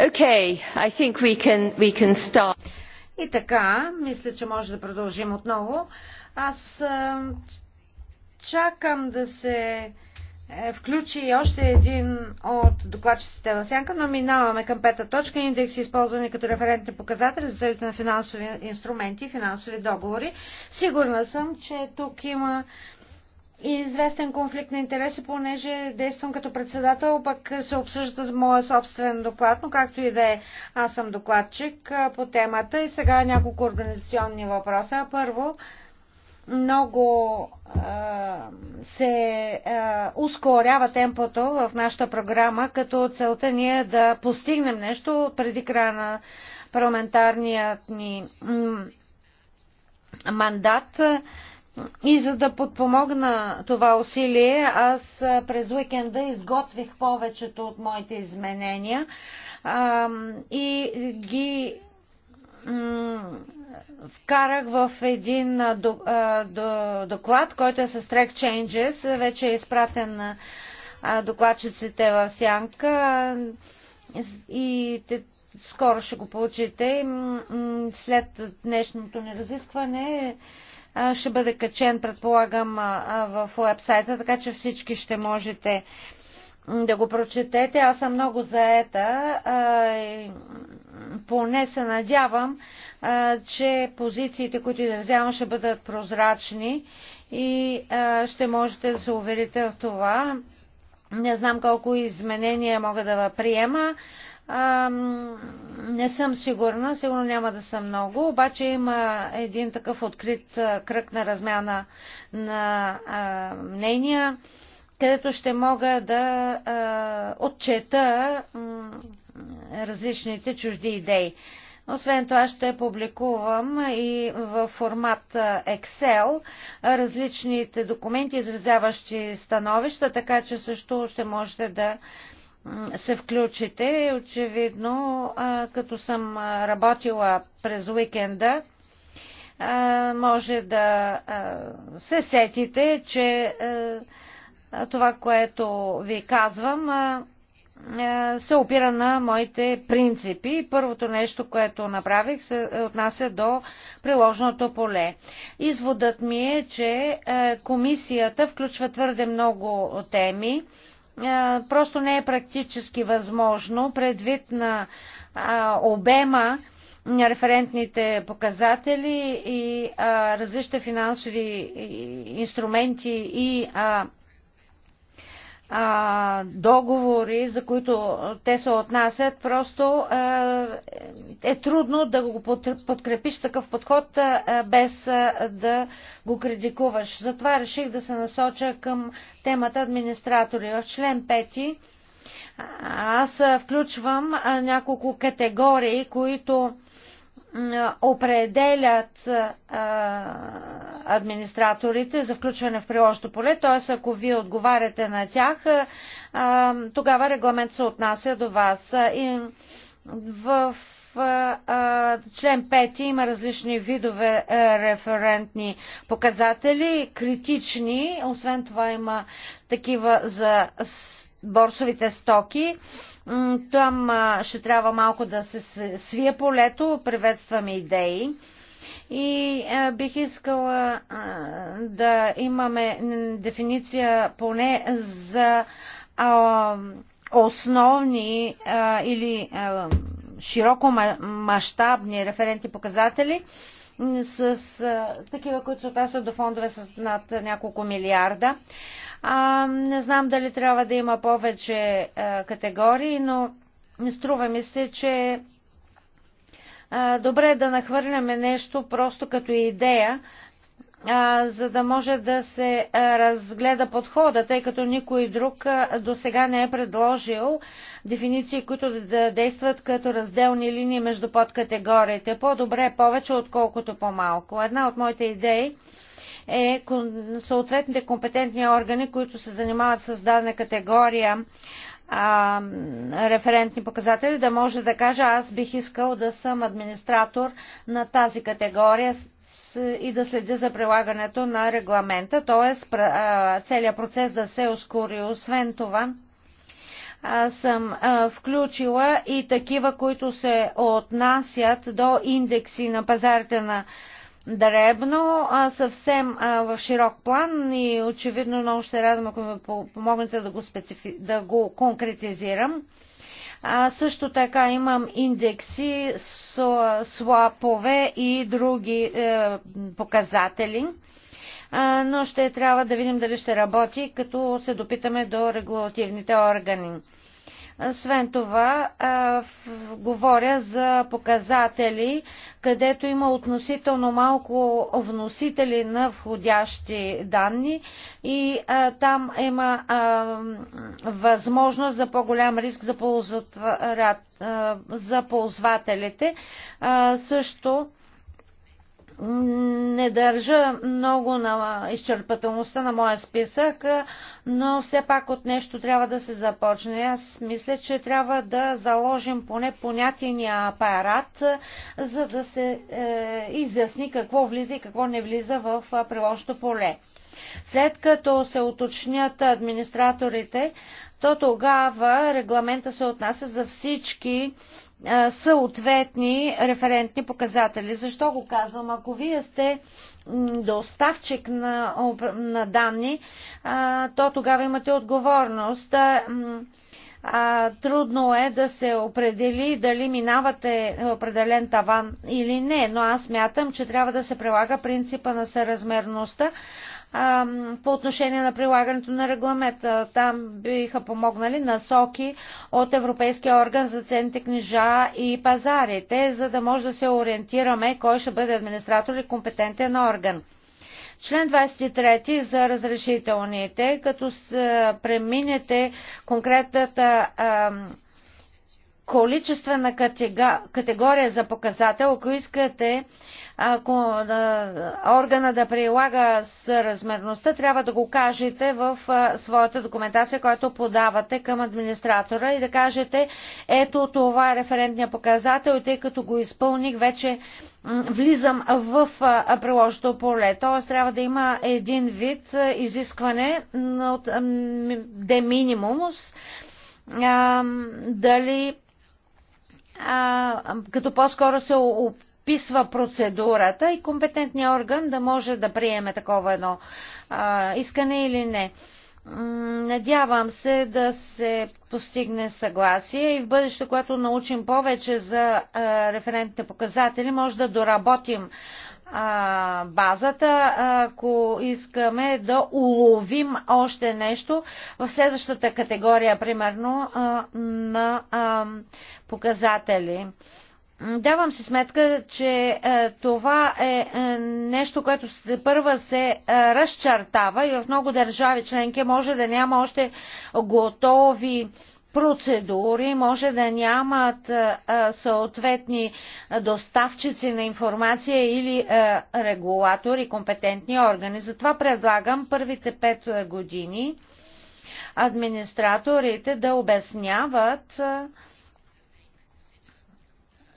Okay, I think we can, we can start. И така, мисля, че може да продължим отново. Аз чакам да се е, включи още един от докладчиците в сянка, но минаваме към пета точка. Индекси, използвани като референтни показатели за целите на финансови инструменти и финансови договори. Сигурна съм, че тук има известен конфликт на интереси, понеже действам като председател, пък се обсъжда моя собствен доклад, но както и да е, аз съм докладчик по темата и сега няколко организационни въпроса. Първо, много а, се а, ускорява темпото в нашата програма, като целта ни е да постигнем нещо преди края на парламентарният ни мандат. А, и за да подпомогна това усилие, аз през уикенда изготвих повечето от моите изменения а, и ги вкарах в един доклад, който е с Track Changes. Вече е изпратен на докладчиците в Сянка и те скоро ще го получите. След днешното ни разискване ще бъде качен, предполагам, в уебсайта, така че всички ще можете да го прочетете. Аз съм много заета. Поне се надявам, че позициите, които изразявам, ще бъдат прозрачни и ще можете да се уверите в това. Не знам колко изменения мога да приема не съм сигурна, сигурно няма да съм много, обаче има един такъв открит кръг на размяна на а, мнения, където ще мога да а, отчета различните чужди идеи. Освен това ще публикувам и в формат Excel различните документи, изразяващи становища, така че също ще можете да се включите. Очевидно, като съм работила през уикенда, може да се сетите, че това, което ви казвам, се опира на моите принципи. Първото нещо, което направих, се отнася до приложното поле. Изводът ми е, че комисията включва твърде много теми, е, просто не е практически възможно предвид на обема на референтните показатели и различните финансови инструменти и а, договори, за които те се отнасят, просто а, е трудно да го подкрепиш такъв подход а, без а, да го критикуваш. Затова реших да се насоча към темата администратори. В член 5 аз включвам няколко категории, които определят а, администраторите за включване в приложното поле, т.е. ако вие отговаряте на тях, а, тогава регламент се отнася до вас. И в а, член 5 има различни видове референтни показатели, критични, освен това има такива за борсовите стоки там ще трябва малко да се свие полето. Приветстваме идеи. И бих искала да имаме дефиниция поне за основни или широко мащабни референтни показатели с такива, които се отнасят до фондове с над няколко милиарда. А, не знам дали трябва да има повече а, е, категории, но струва ми се, че а, е, добре е да нахвърляме нещо просто като идея, а, е, за да може да се а, разгледа подхода, тъй като никой друг до сега не е предложил дефиниции, които да, да действат като разделни линии между подкатегориите. По-добре повече, отколкото по-малко. Една от моите идеи е съответните компетентни органи, които се занимават с дадена категория а, референтни показатели, да може да кажа, аз бих искал да съм администратор на тази категория и да следи за прилагането на регламента, т.е. целият процес да се ускори. Освен това, съм включила и такива, които се отнасят до индекси на пазарите на дребно, а съвсем а, в широк план и очевидно много ще радвам, ако ми помогнете да го, специфи... да го конкретизирам. А, също така имам индекси, слапове и други е, показатели, а, но ще трябва да видим дали ще работи, като се допитаме до регулативните органи. Освен това, а, в, говоря за показатели, където има относително малко вносители на входящи данни и а, там има а, възможност за по-голям риск за, ползват, за ползвателите. А, също не държа много на изчерпателността на моя списък, но все пак от нещо трябва да се започне. Аз мисля, че трябва да заложим поне понятения апарат, за да се е, изясни какво влиза и какво не влиза в приложното поле. След като се уточнят администраторите, то тогава регламента се отнася за всички съответни референтни показатели. Защо го казвам? Ако вие сте доставчик на, на данни, то тогава имате отговорност. Трудно е да се определи дали минавате определен таван или не, но аз мятам, че трябва да се прилага принципа на съразмерността, по отношение на прилагането на регламента. Там биха помогнали насоки от Европейския орган за ценните книжа и пазарите, за да може да се ориентираме кой ще бъде администратор и компетентен орган. Член 23 за разрешителните, като преминете конкретната а, количествена категория за показател, ако искате ако органа да прилага съразмерността, трябва да го кажете в своята документация, която подавате към администратора и да кажете, ето това е референтния показател и тъй като го изпълних, вече влизам в приложното поле. Т.е. трябва да има един вид изискване от де минимумус, дали а, като по-скоро се описва процедурата и компетентният орган да може да приеме такова едно а, искане или не. Надявам се да се постигне съгласие и в бъдеще, когато научим повече за а, референтните показатели, може да доработим а, базата, ако искаме да уловим още нещо в следващата категория, примерно, а, на а, показатели. Давам си сметка, че е, това е, е нещо, което се, първа се е, разчартава и в много държави членки може да няма още готови процедури, може да нямат е, е, съответни доставчици на информация или е, регулатори, компетентни органи. Затова предлагам първите пет години администраторите да обясняват е,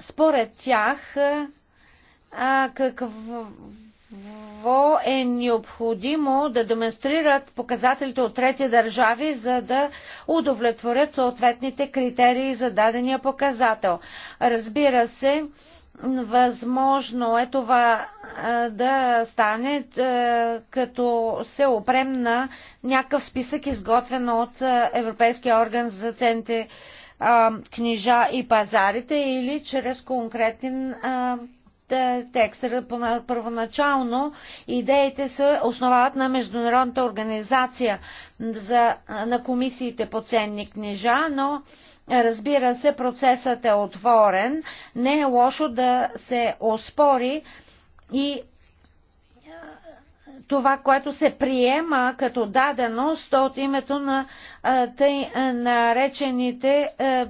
според тях, а, какво е необходимо да демонстрират показателите от трети държави, за да удовлетворят съответните критерии за дадения показател. Разбира се, Възможно е това да стане, като се опрем на някакъв списък, изготвен от Европейския орган за цените а, книжа и пазарите или чрез конкретен а, текст. Първоначално идеите се основават на Международната организация за, на комисиите по ценни книжа, но разбира се, процесът е отворен. Не е лошо да се оспори и това, което се приема като даденост от името на тъй наречените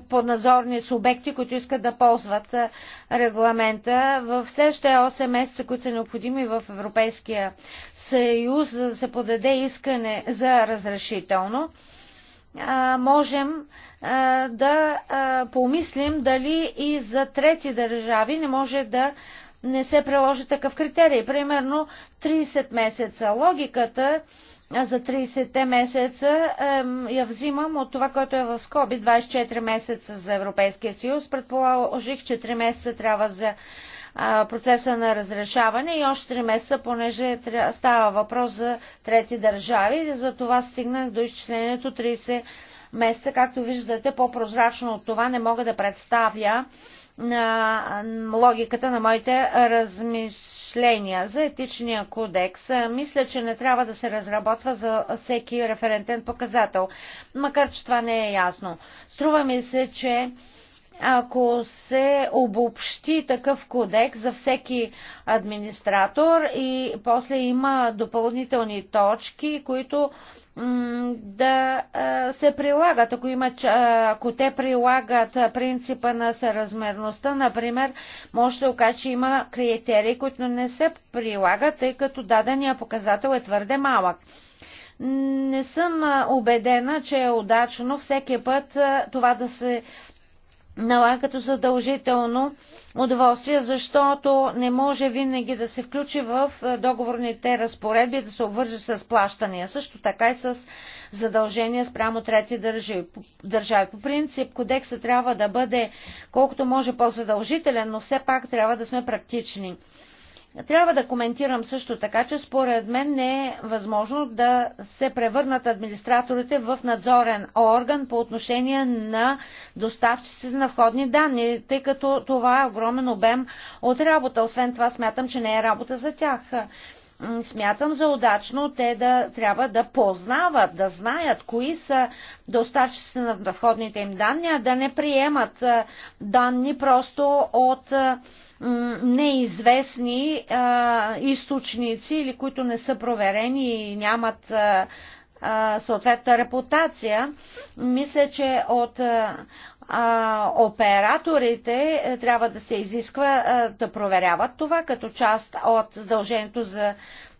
подназорни субекти, които искат да ползват регламента. В следващите 8 месеца, които са необходими в Европейския съюз, за да се подаде искане за разрешително, можем да помислим дали и за трети държави не може да не се приложи такъв критерий. Примерно 30 месеца. Логиката за 30-те месеца е, я взимам от това, което е в скоби 24 месеца за Европейския съюз. Предположих, че 3 месеца трябва за процеса на разрешаване и още 3 месеца, понеже става въпрос за трети държави. За това стигнах до изчислението 30 месеца. Както виждате, по-прозрачно от това не мога да представя а, логиката на моите размишления. За етичния кодекс а, мисля, че не трябва да се разработва за всеки референтен показател, макар че това не е ясно. Струва ми се, че ако се обобщи такъв кодекс за всеки администратор и после има допълнителни точки, които да се прилагат, ако, има, ако те прилагат принципа на съразмерността, например, може да се окаже, че има критерии, които не се прилагат, тъй като дадения показател е твърде малък. Не съм убедена, че е удачно всеки път това да се налага като задължително удоволствие, защото не може винаги да се включи в е, договорните разпоредби да се обвърже с плащания, също така и с задължения спрямо трети държави. По принцип, кодекса трябва да бъде колкото може по-задължителен, но все пак трябва да сме практични. Трябва да коментирам също така, че според мен не е възможно да се превърнат администраторите в надзорен орган по отношение на доставчиците на входни данни, тъй като това е огромен обем от работа. Освен това смятам, че не е работа за тях. Смятам за удачно те да трябва да познават, да знаят кои са доставчиците на входните им данни, а да не приемат данни просто от неизвестни а, източници или които не са проверени и нямат а, съответна репутация. Мисля, че от а, операторите е, трябва да се изисква а, да проверяват това като част от задължението за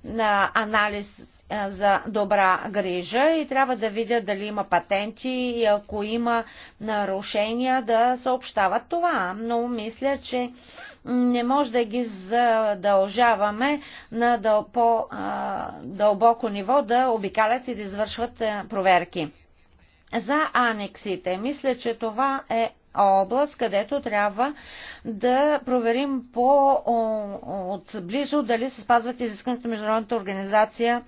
на анализ за добра грижа и трябва да видя дали има патенти и ако има нарушения да съобщават това. Но мисля, че а, не може да ги задължаваме на по-дълбоко ниво да обикалят и да извършват е, проверки. За анексите. Мисля, че това е област, където трябва да проверим по отблизо дали се спазват изискването на Международната организация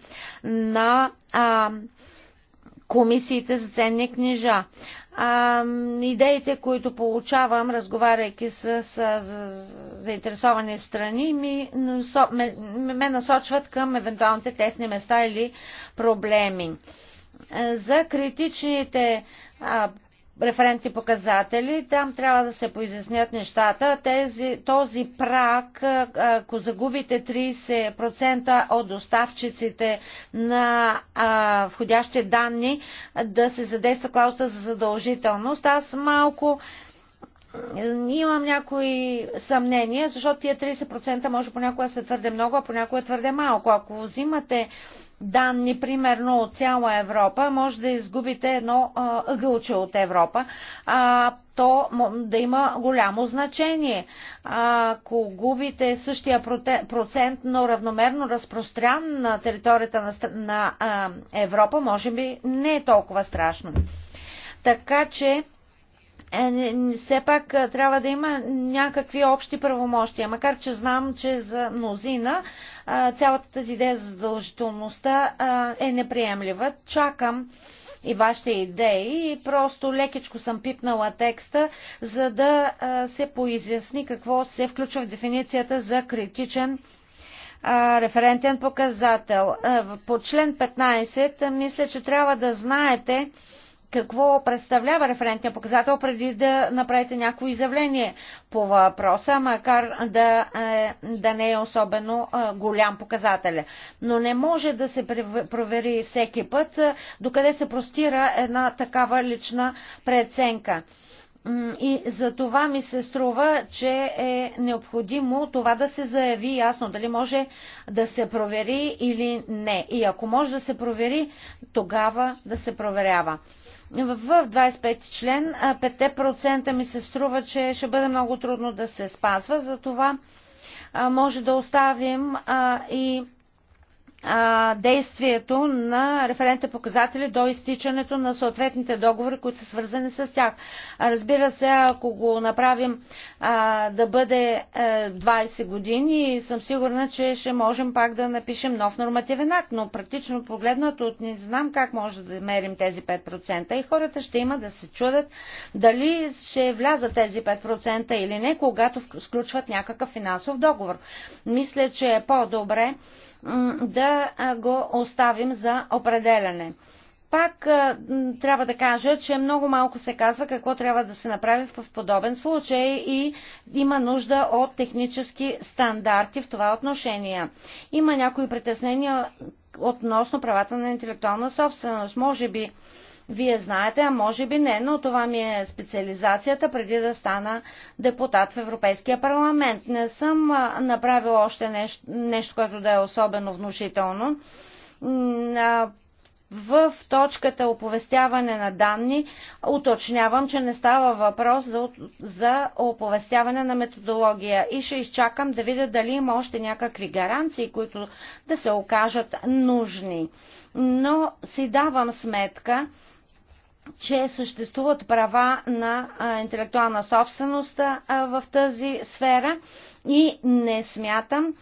на а, комисиите за ценни книжа. А, идеите, които получавам, разговаряйки с, с, заинтересовани страни, ми, со, ме, ме насочват към евентуалните тесни места или проблеми. Е, за критичните а, референтни показатели. Там трябва да се поизяснят нещата. Тези, този прак, ако загубите 30% от доставчиците на а, входящи данни, да се задейства клауста за задължителност. Аз малко имам някои съмнения, защото тия 30% може понякога се твърде много, а понякога твърде малко. Ако взимате данни, примерно от цяла Европа, може да изгубите едно ъгълче от Европа. А, то да има голямо значение. Ако губите същия процент, но равномерно разпрострян на територията на, на а, Европа, може би не е толкова страшно. Така че е, все пак трябва да има някакви общи правомощия, макар че знам, че за мнозина цялата тази идея за задължителността е неприемлива. Чакам и вашите идеи и просто лекичко съм пипнала текста, за да се поизясни какво се включва в дефиницията за критичен референтен показател. По член 15 мисля, че трябва да знаете какво представлява референтния показател преди да направите някакво изявление по въпроса, макар да, е, да не е особено е, голям показател. Но не може да се провери всеки път е, докъде се простира една такава лична преценка. И за това ми се струва, че е необходимо това да се заяви ясно, дали може да се провери или не. И ако може да се провери, тогава да се проверява в 25 член 5% ми се струва, че ще бъде много трудно да се спазва. Затова може да оставим и действието на референтните показатели до изтичането на съответните договори, които са свързани с тях. Разбира се, ако го направим а, да бъде е, а, 20 години, съм сигурна, че ще можем пак да напишем нов нормативен акт, но практично погледнато от не знам как може да мерим тези 5% и хората ще има да се чудят дали ще влязат тези 5% или не, когато сключват някакъв финансов договор. Мисля, че е по-добре да го оставим за определене. Пак трябва да кажа, че много малко се казва какво трябва да се направи в подобен случай и има нужда от технически стандарти в това отношение. Има някои притеснения относно правата на интелектуална собственост. Може би вие знаете, а може би не, но това ми е специализацията преди да стана депутат в Европейския парламент. Не съм направила още нещо, нещо което да е особено внушително. В точката оповестяване на данни уточнявам, че не става въпрос за, за оповестяване на методология и ще изчакам да видя дали има още някакви гаранции, които да се окажат нужни но си давам сметка, че съществуват права на интелектуална собственост в тази сфера и не смятам,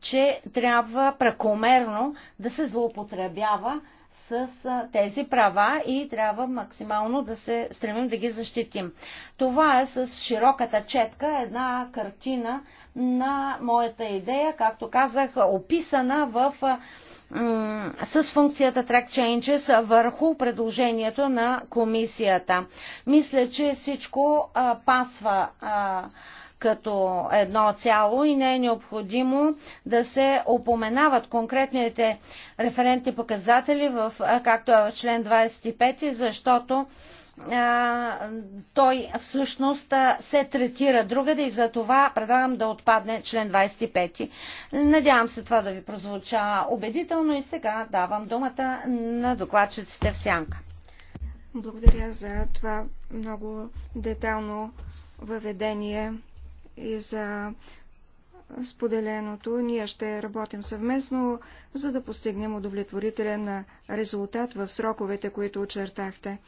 че трябва прекомерно да се злоупотребява с тези права и трябва максимално да се стремим да ги защитим. Това е с широката четка една картина на моята идея, както казах, описана в с функцията Track Changes върху предложението на комисията. Мисля, че всичко а, пасва а, като едно цяло и не е необходимо да се опоменават конкретните референтни показатели, в, както е в член 25, защото а той всъщност се третира другаде и за това предлагам да отпадне член 25. Надявам се това да ви прозвуча убедително и сега давам думата на докладчиците в сянка. Благодаря за това много детално въведение и за споделеното. Ние ще работим съвместно, за да постигнем удовлетворителен резултат в сроковете, които очертахте.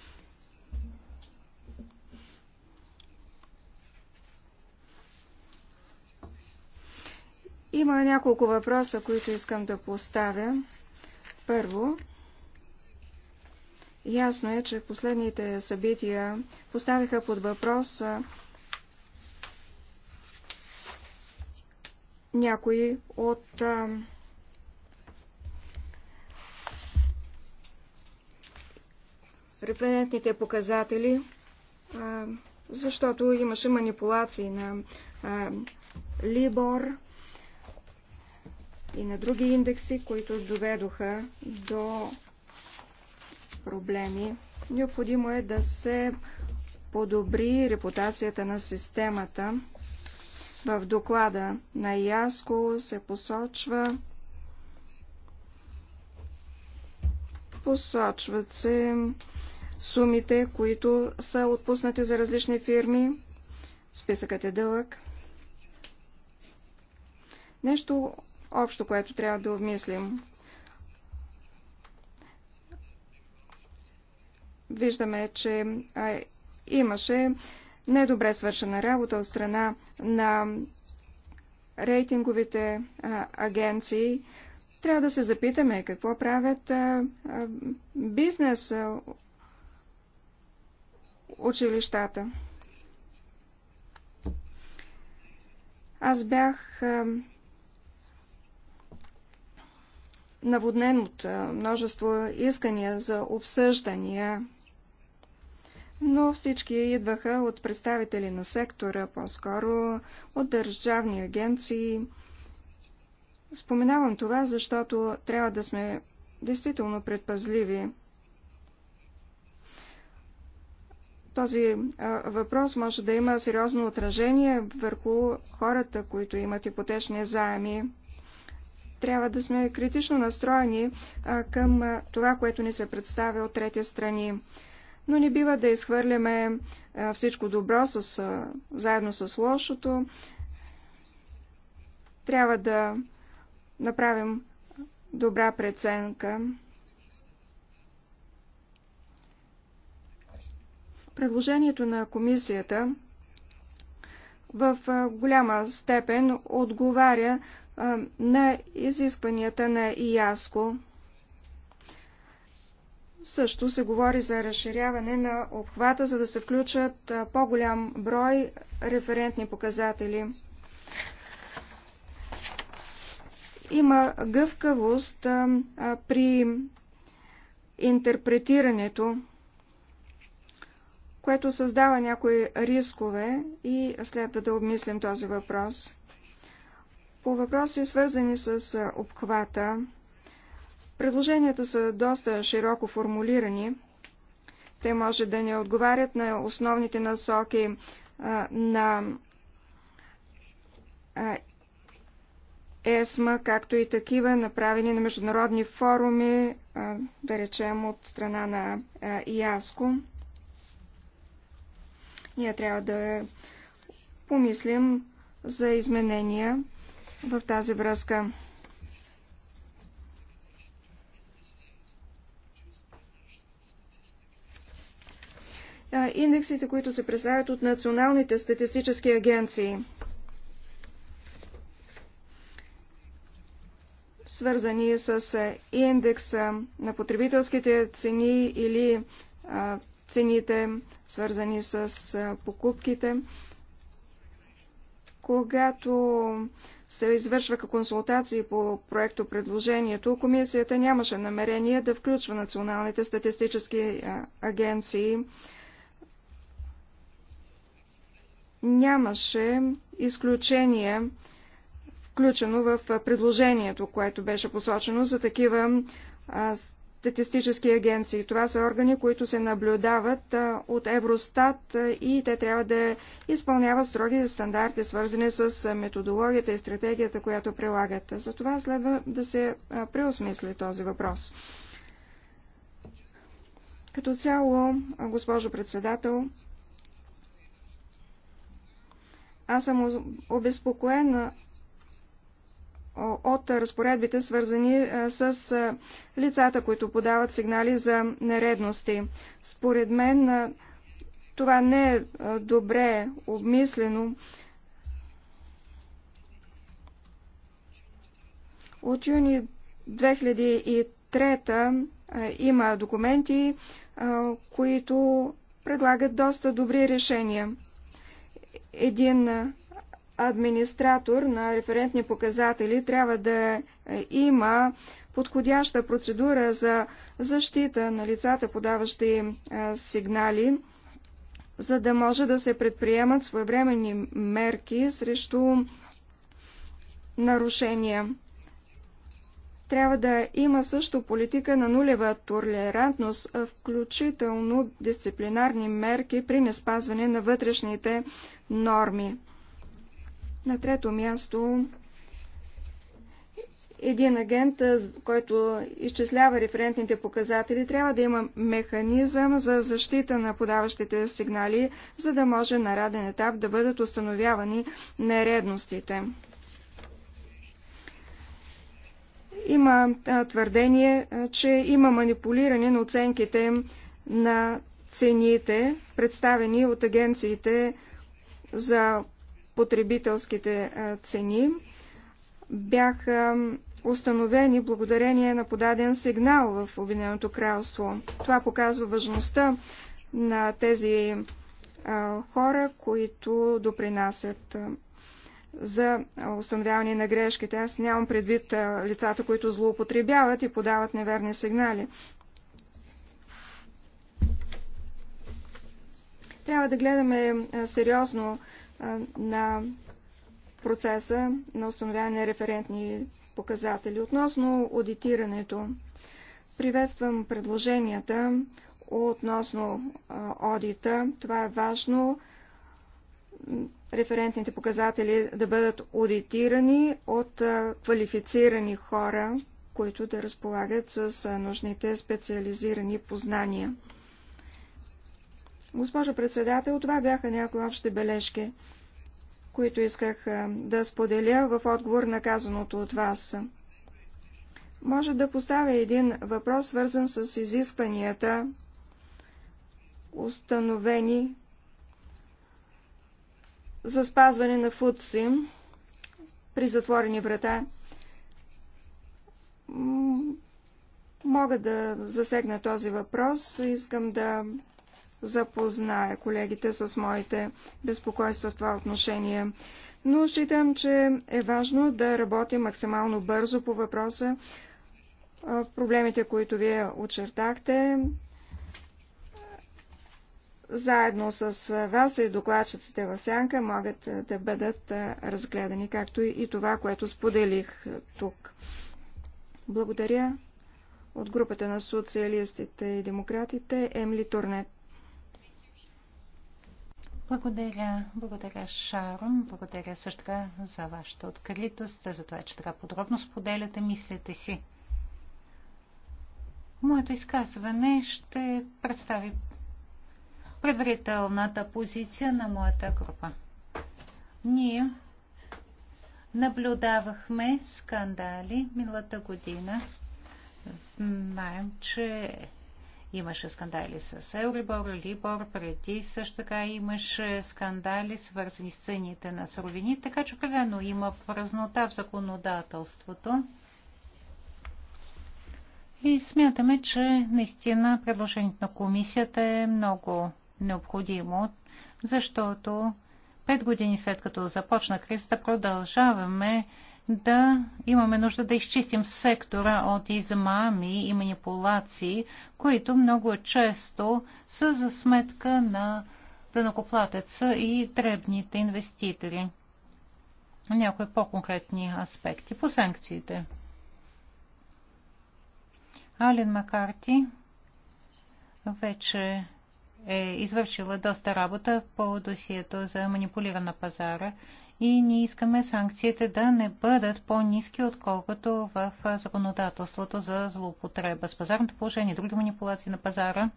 Има няколко въпроса, които искам да поставя. Първо, ясно е, че последните събития поставиха под въпрос някои от а, референтните показатели, а, защото имаше манипулации на а, Либор, и на други индекси, които доведоха до проблеми. Необходимо е да се подобри репутацията на системата. В доклада на Яско се посочва посочват се сумите, които са отпуснати за различни фирми. Списъкът е дълъг. Нещо общо, което трябва да обмислим. Виждаме, че а, имаше недобре свършена работа от страна на рейтинговите а, агенции. Трябва да се запитаме какво правят а, а, бизнес а, училищата. Аз бях а, наводнен от множество искания за обсъждания, но всички идваха от представители на сектора, по-скоро от държавни агенции. Споменавам това, защото трябва да сме действително предпазливи. Този въпрос може да има сериозно отражение върху хората, които имат ипотечни заеми трябва да сме критично настроени към това, което ни се представя от трети страни. Но не бива да изхвърляме всичко добро с, заедно с лошото. Трябва да направим добра преценка. Предложението на комисията в голяма степен отговаря на изискванията на ИАСКО. Също се говори за разширяване на обхвата, за да се включат по-голям брой референтни показатели. Има гъвкавост при интерпретирането, което създава някои рискове и следва да обмислим този въпрос. По въпроси, свързани с обхвата, предложенията са доста широко формулирани. Те може да не отговарят на основните насоки а, на а, ЕСМА, както и такива, направени на международни форуми, а, да речем от страна на а, ИАСКО. Ние трябва да помислим за изменения в тази връзка. Индексите, които се представят от националните статистически агенции, свързани с индекса на потребителските цени или цените, свързани с покупките. Когато се извършваха консултации по проекто предложението, комисията нямаше намерение да включва националните статистически агенции. Нямаше изключение включено в предложението, което беше посочено за такива статистически агенции. Това са органи, които се наблюдават от Евростат и те трябва да изпълняват строги стандарти, свързани с методологията и стратегията, която прилагат. Затова следва да се преосмисли този въпрос. Като цяло, госпожо председател, аз съм обезпокоена от разпоредбите, свързани е, с е, лицата, които подават сигнали за нередности. Според мен е, това не е добре обмислено. От юни 2003 има документи, които предлагат доста добри решения. Един администратор на референтни показатели трябва да е, има подходяща процедура за защита на лицата, подаващи е, сигнали, за да може да се предприемат своевременни мерки срещу нарушения. Трябва да има също политика на нулева толерантност, включително дисциплинарни мерки при неспазване на вътрешните норми. На трето място един агент, който изчислява референтните показатели, трябва да има механизъм за защита на подаващите сигнали, за да може на раден етап да бъдат установявани нередностите. Има твърдение, че има манипулиране на оценките на цените, представени от агенциите за потребителските цени бяха установени благодарение на подаден сигнал в Обединеното кралство. Това показва важността на тези хора, които допринасят за установяване на грешките. Аз нямам предвид лицата, които злоупотребяват и подават неверни сигнали. Трябва да гледаме сериозно на процеса на установяване на референтни показатели. Относно аудитирането, приветствам предложенията относно аудита. Това е важно референтните показатели да бъдат аудитирани от квалифицирани хора, които да разполагат с нужните специализирани познания. Госпожо председател, това бяха някои общи бележки, които исках да споделя в отговор на казаното от вас. Може да поставя един въпрос, свързан с изискванията, установени за спазване на фудсим при затворени врата. Мога да засегна този въпрос. Искам да запознае колегите с моите безпокойства в това отношение. Но считам, че е важно да работим максимално бързо по въпроса. в Проблемите, които вие очертахте, заедно с вас и докладчиците в сянка могат да бъдат разгледани, както и това, което споделих тук. Благодаря от групата на социалистите и демократите Емли Турнет. Благодаря, благодаря Шарон, благодаря също така за вашата откритост, за това, че така подробно споделяте мислите си. Моето изказване ще представи предварителната позиция на моята група. Ние наблюдавахме скандали миналата година. Знаем, че Имаше скандали с Еурибор, Либор, преди също така имаше скандали, свързани с цените на суровини, така че определено има празнота в законодателството. И смятаме, че наистина предложението на комисията е много необходимо, защото пет години след като започна кризата продължаваме да имаме нужда да изчистим сектора от измами и манипулации, които много често са за сметка на дънокоплатеца и дребните инвеститори. Някои по-конкретни аспекти по санкциите. Ален Макарти вече е извършила доста работа по досието за манипулиране на пазара и ние искаме санкциите да не бъдат по-низки, отколкото в законодателството за злоупотреба с пазарното положение и други манипулации на пазара.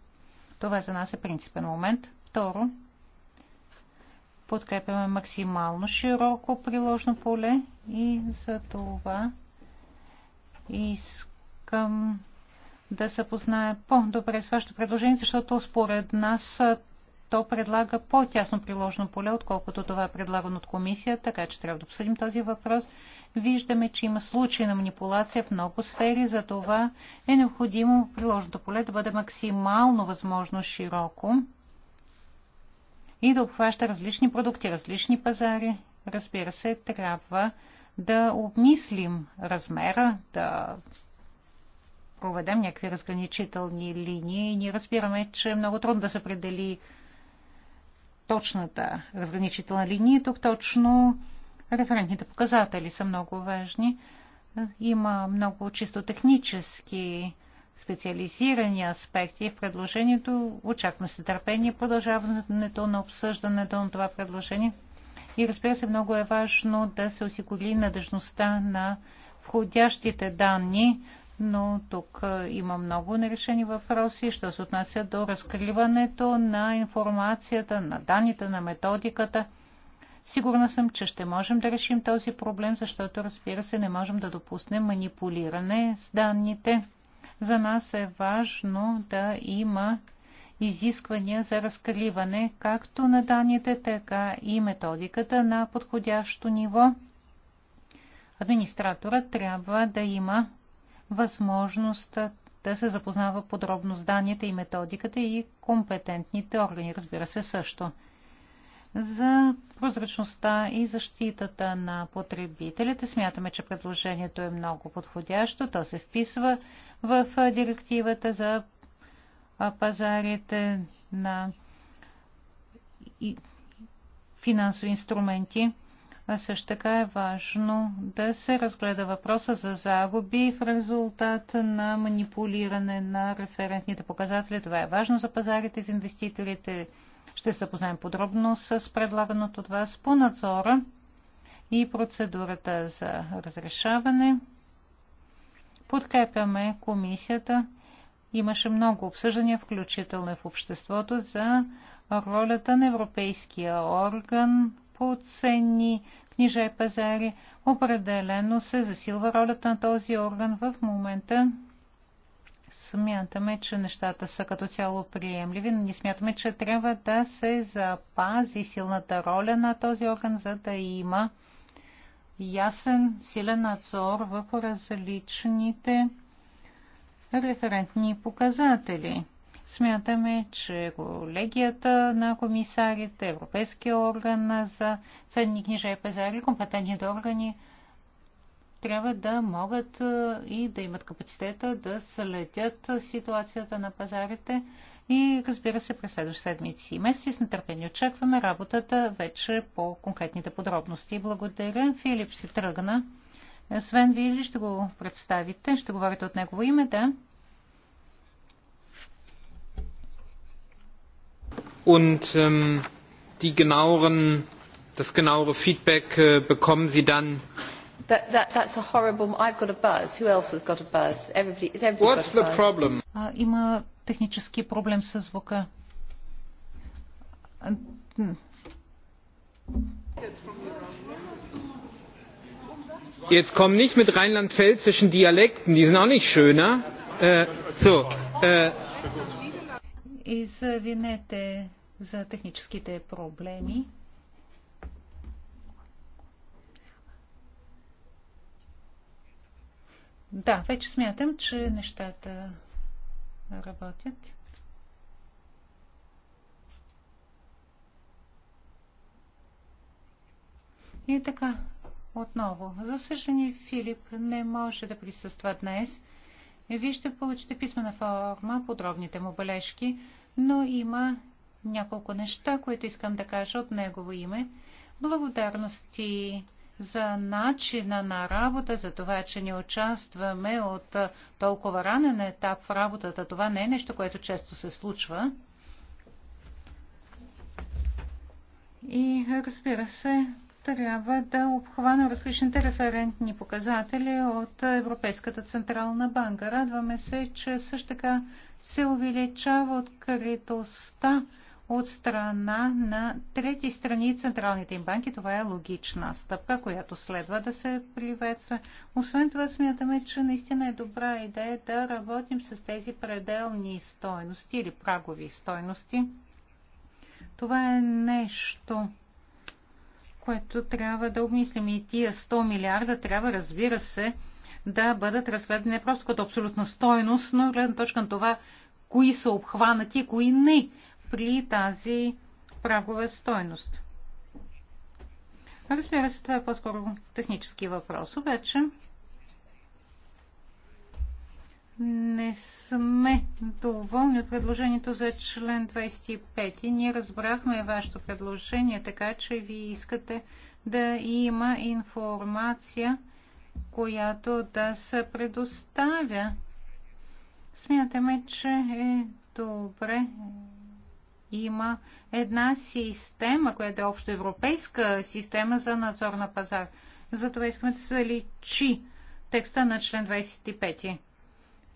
Това за нас е принципен момент. Второ, подкрепяме максимално широко приложно поле и за това искам да се познае по-добре с вашето предложение, защото според нас то предлага по-тясно приложено поле, отколкото това е предлагано от комисията, така че трябва да обсъдим този въпрос. Виждаме, че има случаи на манипулация в много сфери, за това е необходимо приложното поле да бъде максимално възможно широко и да обхваща различни продукти, различни пазари. Разбира се, трябва да обмислим размера, да проведем някакви разграничителни линии. Ние разбираме, че е много трудно да се определи точната разграничителна линия. Тук точно референтните показатели са много важни. Има много чисто технически специализирани аспекти в предложението. Очакваме се търпение продължаването на обсъждането на това предложение. И разбира се, много е важно да се осигури надежността на входящите данни но тук има много нерешени въпроси, що се отнася до разкриването на информацията, на данните, на методиката. Сигурна съм, че ще можем да решим този проблем, защото, разбира се, не можем да допуснем манипулиране с данните. За нас е важно да има изисквания за разкриване както на данните, така и методиката на подходящо ниво. Администраторът трябва да има Възможността да се запознава подробно с данните и методиката и компетентните органи, разбира се също. За прозрачността и защитата на потребителите смятаме, че предложението е много подходящо. То се вписва в директивата за пазарите на финансови инструменти. А също така е важно да се разгледа въпроса за загуби в резултат на манипулиране на референтните показатели. Това е важно за пазарите, за инвеститорите. Ще се познаем подробно с предлаганото от вас по надзора и процедурата за разрешаване. Подкрепяме комисията. Имаше много обсъждания, включително и в обществото, за ролята на Европейския орган по ценни книжа и пазари, определено се засилва ролята на този орган в момента. Смятаме, че нещата са като цяло приемливи, но ние смятаме, че трябва да се запази силната роля на този орган, за да има ясен, силен надзор върху различните референтни показатели. Смятаме, че колегията на комисарите, Европейския орган за ценни книжа и пазари, компетентните органи трябва да могат е, и да имат капацитета да следят ситуацията на пазарите и разбира се през следващи седмици и месеци с нетърпение очакваме работата вече по конкретните подробности. Благодаря. Филип си тръгна. Свен, вие ли ще го представите? Ще говорите от негово име, да? und die genaueren, das genauere Feedback bekommen Sie dann. That, that, that's a horrible. I've got a buzz. Who else has got a buzz? Everybody. Everybody's What's got a buzz. problem? А, има технически проблем с звука. Jetzt komm nicht mit rheinland-pfälzischen Dialekten, die sind auch nicht schöner. Äh, so, äh, Извинете за техническите проблеми. Да, вече смятам, че нещата работят. И така, отново. За съжаление, Филип не може да присъства днес. Вие ще получите писмена форма, подробните му бележки но има няколко неща, които искам да кажа от негово име. Благодарности за начина на работа, за това, че не участваме от толкова ранен етап в работата. Това не е нещо, което често се случва. И разбира се, трябва да обхвана различните референтни показатели от Европейската централна банка. Радваме се, че също така се увеличава откритостта от страна на трети страни централните им банки. Това е логична стъпка, която следва да се приветства. Освен това смятаме, че наистина е добра идея да работим с тези пределни стойности или прагови стойности. Това е нещо, което трябва да обмислим и тия 100 милиарда трябва, разбира се, да бъдат разгледани не просто като абсолютна стойност, но и гледна точка на това, кои са обхванати, кои не при тази прагова стойност. Разбира се, това е по-скоро технически въпрос. Обаче не сме доволни от предложението за член 25. Ние разбрахме вашето предложение, така че ви искате да има информация която да се предоставя. Смятаме, че е добре. Има една система, която е общоевропейска система за надзор на пазар. Затова искаме да се заличи текста на член 25.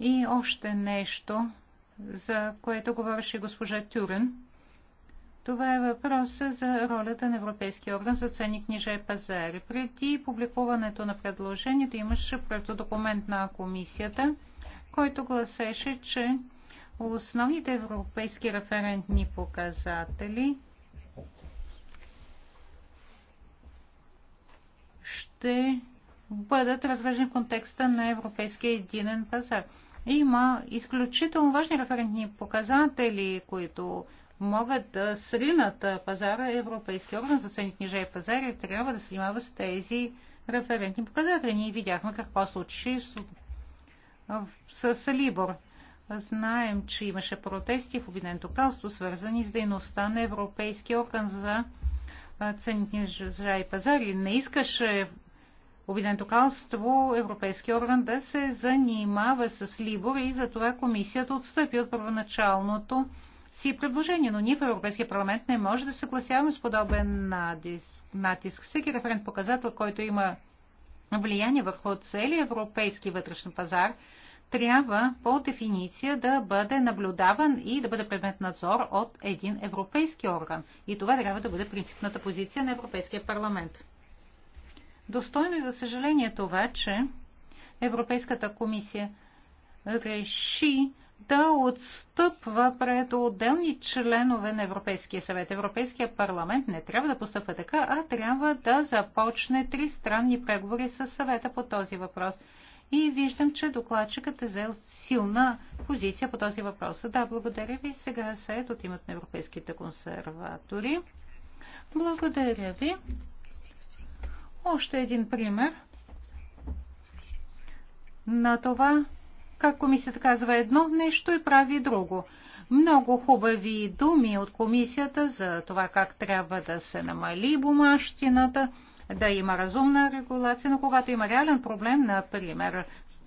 И още нещо, за което говореше госпожа Тюрен – това е въпрос за ролята на Европейския орган за ценни книжа и пазари. Преди публикуването на предложението имаше документ на комисията, който гласеше, че основните европейски референтни показатели ще бъдат развържени в контекста на Европейския единен пазар. Има изключително важни референтни показатели, които могат да сринат пазара, Европейски орган за ценни книжа и пазари трябва да се занимава с тези референтни показатели. Ние видяхме какво случи с, с Либор. Знаем, че имаше протести в Обединеното кралство, свързани с дейността на Европейския орган за ценни книжа и пазари. Не искаше Обединеното кралство, европейски орган да се занимава с Либор и затова комисията отстъпи от първоначалното си предложения, но ние в Европейския парламент не може да съгласяваме с подобен натиск. Всеки референт показател, който има влияние върху целия европейски вътрешен пазар, трябва по дефиниция да бъде наблюдаван и да бъде предмет надзор от един европейски орган. И това трябва да бъде принципната позиция на Европейския парламент. Достойно е за съжаление това, че Европейската комисия реши да отстъпва пред отделни членове на Европейския съвет. Европейския парламент не трябва да постъпва така, а трябва да започне три странни преговори с съвета по този въпрос. И виждам, че докладчикът е взел силна позиция по този въпрос. Да, благодаря ви. Сега съед от името на европейските консерватори. Благодаря ви. Още един пример на това, как комисията казва едно нещо и прави друго. Много хубави думи от комисията за това как трябва да се намали бумащината, да има разумна регулация, но когато има реален проблем, например,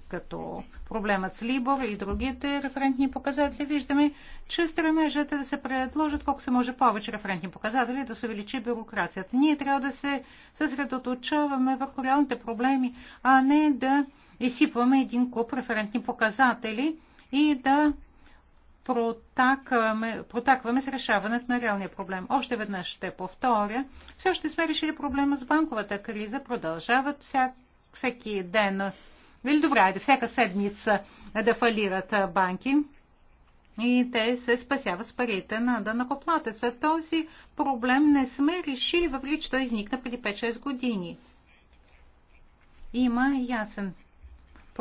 като проблемът с Либор и другите референтни показатели, виждаме, че стремежът е да се предложат колко се може повече референтни показатели, да се увеличи бюрокрацията. Ние трябва да се съсредоточаваме върху реалните проблеми, а не да изсипваме един куп референтни показатели и да протакваме, протакваме с решаването на реалния проблем. Още веднъж ще повторя. Все още сме решили проблема с банковата криза. Продължават вся, всеки ден или добре, айде, всяка седмица да фалират банки и те се спасяват с парите на данакоплатеца. Този проблем не сме решили, въпреки че той изникна преди 5-6 години. Има ясен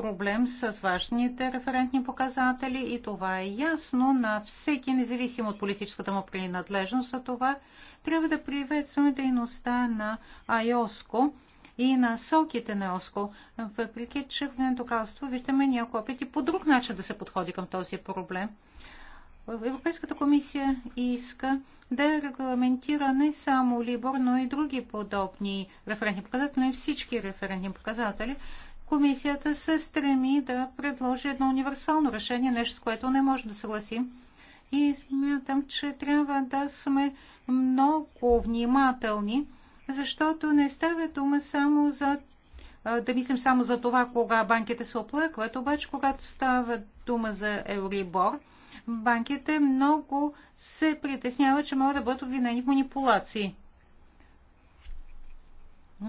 проблем с важните референтни показатели и това е ясно на всеки, независимо от политическата му принадлежност. За това трябва да приветстваме дейността на АЙОСКО и насоките на ОСКО, въпреки че в Обединеното кралство виждаме някои опити по друг начин да се подходи към този проблем. Европейската комисия иска да регламентира не само Либор, но и други подобни референтни показатели, но и всички референтни показатели комисията се стреми да предложи едно универсално решение, нещо с което не може да съгласим. И смятам, че трябва да сме много внимателни, защото не става дума само за да мислим само за това, кога банките се оплакват, обаче когато става дума за Евробор, банките много се притесняват, че могат да бъдат обвинени в манипулации.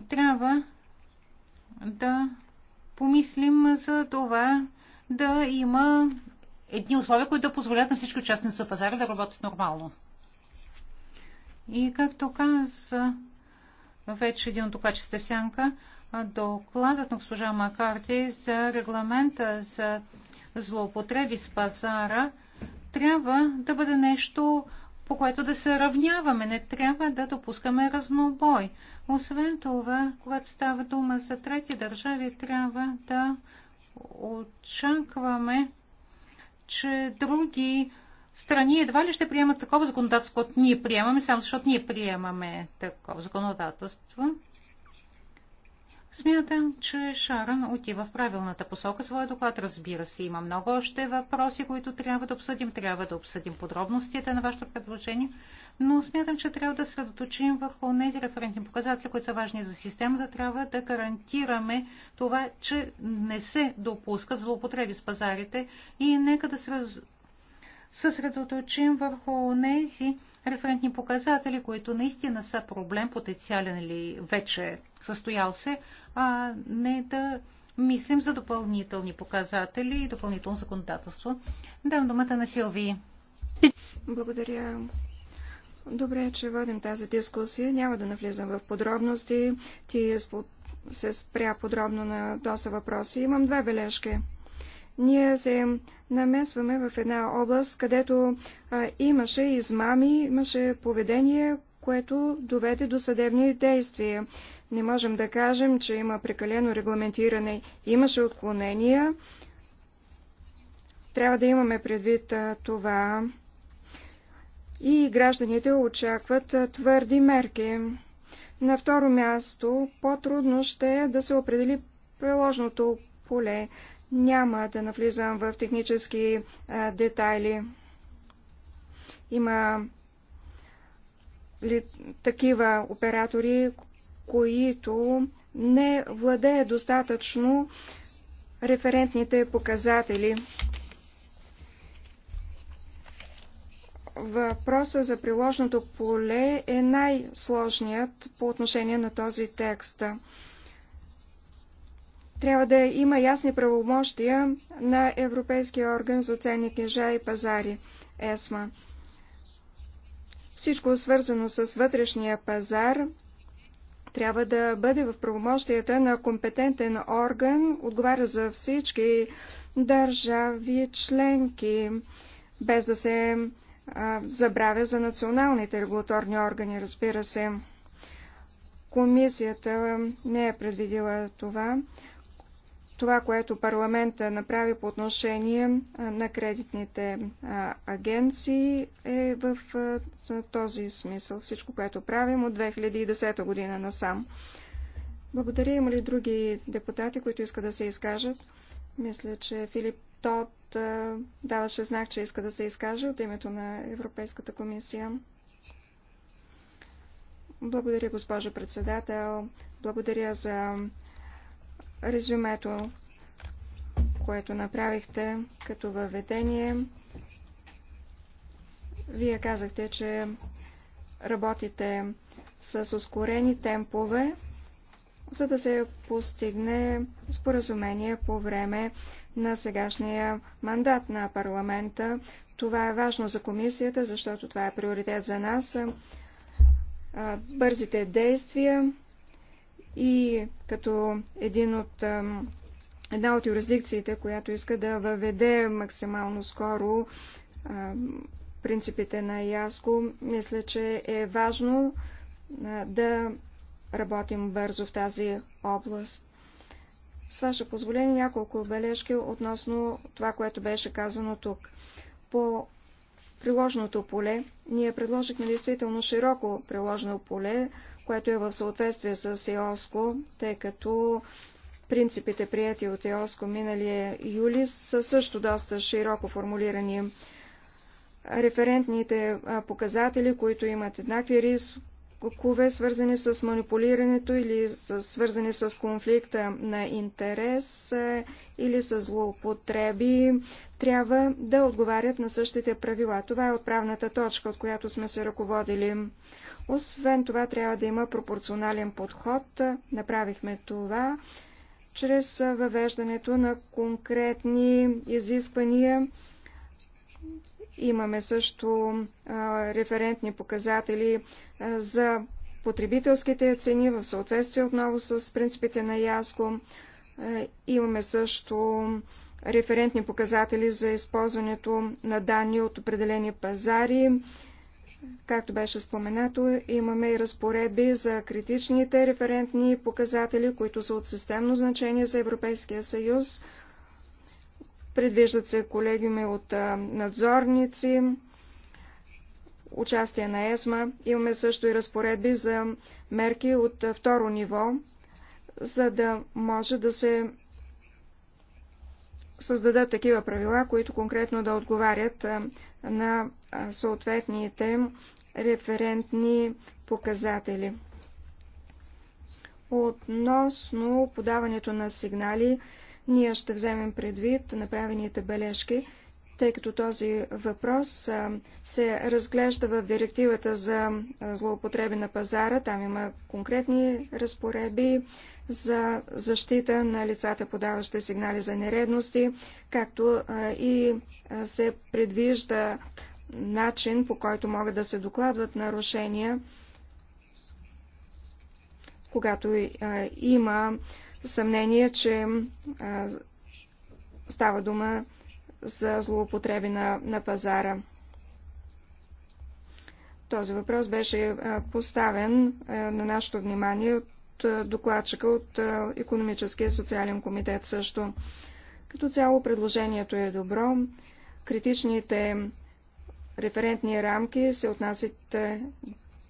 Трябва да помислим за това да има едни условия, които да позволят на всички участници в пазара да работят нормално. И както каза вече един от докладчите Сянка, докладът на госпожа Макарти за регламента за злоупотреби с пазара трябва да бъде нещо по което да се равняваме. Не трябва да допускаме разнобой. Освен това, когато става дума за трети държави, трябва да очакваме, че други страни едва ли ще приемат такова законодателство, което ние приемаме, само защото ние приемаме такова законодателство. Смятам, че Шаран отива в правилната посока своя доклад. Разбира се, има много още въпроси, които трябва да обсъдим. Трябва да обсъдим подробностите на вашето предложение, но смятам, че трябва да средоточим върху тези референтни показатели, които са важни за системата. Трябва да гарантираме това, че не се допускат злоупотреби с пазарите и нека да се съсредоточим върху тези референтни показатели, които наистина са проблем, потенциален или вече е състоял се, а не да мислим за допълнителни показатели и допълнително законодателство. Дам думата на Силви. Благодаря. Добре, е, че водим тази дискусия. Няма да навлизам в подробности. Ти е се спря подробно на доста въпроси. Имам две бележки ние се намесваме в една област, където а, имаше измами, имаше поведение, което доведе до съдебни действия. Не можем да кажем, че има прекалено регламентиране. Имаше отклонения. Трябва да имаме предвид а, това. И гражданите очакват а, твърди мерки. На второ място, по-трудно ще е да се определи приложното поле. Няма да навлизам в технически а, детайли. Има ли такива оператори, които не владеят достатъчно референтните показатели. Въпросът за приложното поле е най-сложният по отношение на този текст трябва да има ясни правомощия на Европейския орган за ценни книжа и пазари ЕСМА. Всичко свързано с вътрешния пазар трябва да бъде в правомощията на компетентен орган, отговаря за всички държави членки, без да се а, забравя за националните регулаторни органи, разбира се. Комисията не е предвидила това това, което парламента направи по отношение на кредитните агенции е в този смисъл. Всичко, което правим от 2010 година насам. Благодаря. Има ли други депутати, които искат да се изкажат? Мисля, че Филип Тот даваше знак, че иска да се изкаже от името на Европейската комисия. Благодаря, госпожа председател. Благодаря за резюмето, което направихте като въведение. Вие казахте, че работите с ускорени темпове, за да се постигне споразумение по време на сегашния мандат на парламента. Това е важно за комисията, защото това е приоритет за нас. Бързите действия и като един от, една от юрисдикциите, която иска да въведе максимално скоро принципите на Яско, мисля, че е важно да работим бързо в тази област. С ваше позволение няколко бележки относно това, което беше казано тук. По приложното поле, ние предложихме действително широко приложено поле, което е в съответствие с ЕОСКО, тъй като принципите, прияти от ЕОСКО миналия юли, са също доста широко формулирани. Референтните показатели, които имат еднакви рискове, свързани с манипулирането или свързани с конфликта на интерес или с злоупотреби, трябва да отговарят на същите правила. Това е отправната точка, от която сме се ръководили. Освен това, трябва да има пропорционален подход. Направихме това чрез въвеждането на конкретни изисквания. Имаме също референтни показатели за потребителските цени в съответствие отново с принципите на ЯСКО. Имаме също референтни показатели за използването на данни от определени пазари. Както беше споменато, имаме и разпоредби за критичните референтни показатели, които са от системно значение за Европейския съюз. Предвиждат се колегиуми от надзорници, участие на ЕСМА. Имаме също и разпоредби за мерки от второ ниво, за да може да се създадат такива правила, които конкретно да отговарят на съответните референтни показатели. Относно подаването на сигнали, ние ще вземем предвид направените бележки тъй като този въпрос се разглежда в директивата за злоупотреби на пазара. Там има конкретни разпоредби за защита на лицата, подаващи сигнали за нередности, както и се предвижда начин, по който могат да се докладват нарушения, когато има съмнение, че става дума за злоупотреби на, на пазара. Този въпрос беше поставен на нашето внимание от докладчика от Економическия и социален комитет също. Като цяло предложението е добро. Критичните референтни рамки се отнасят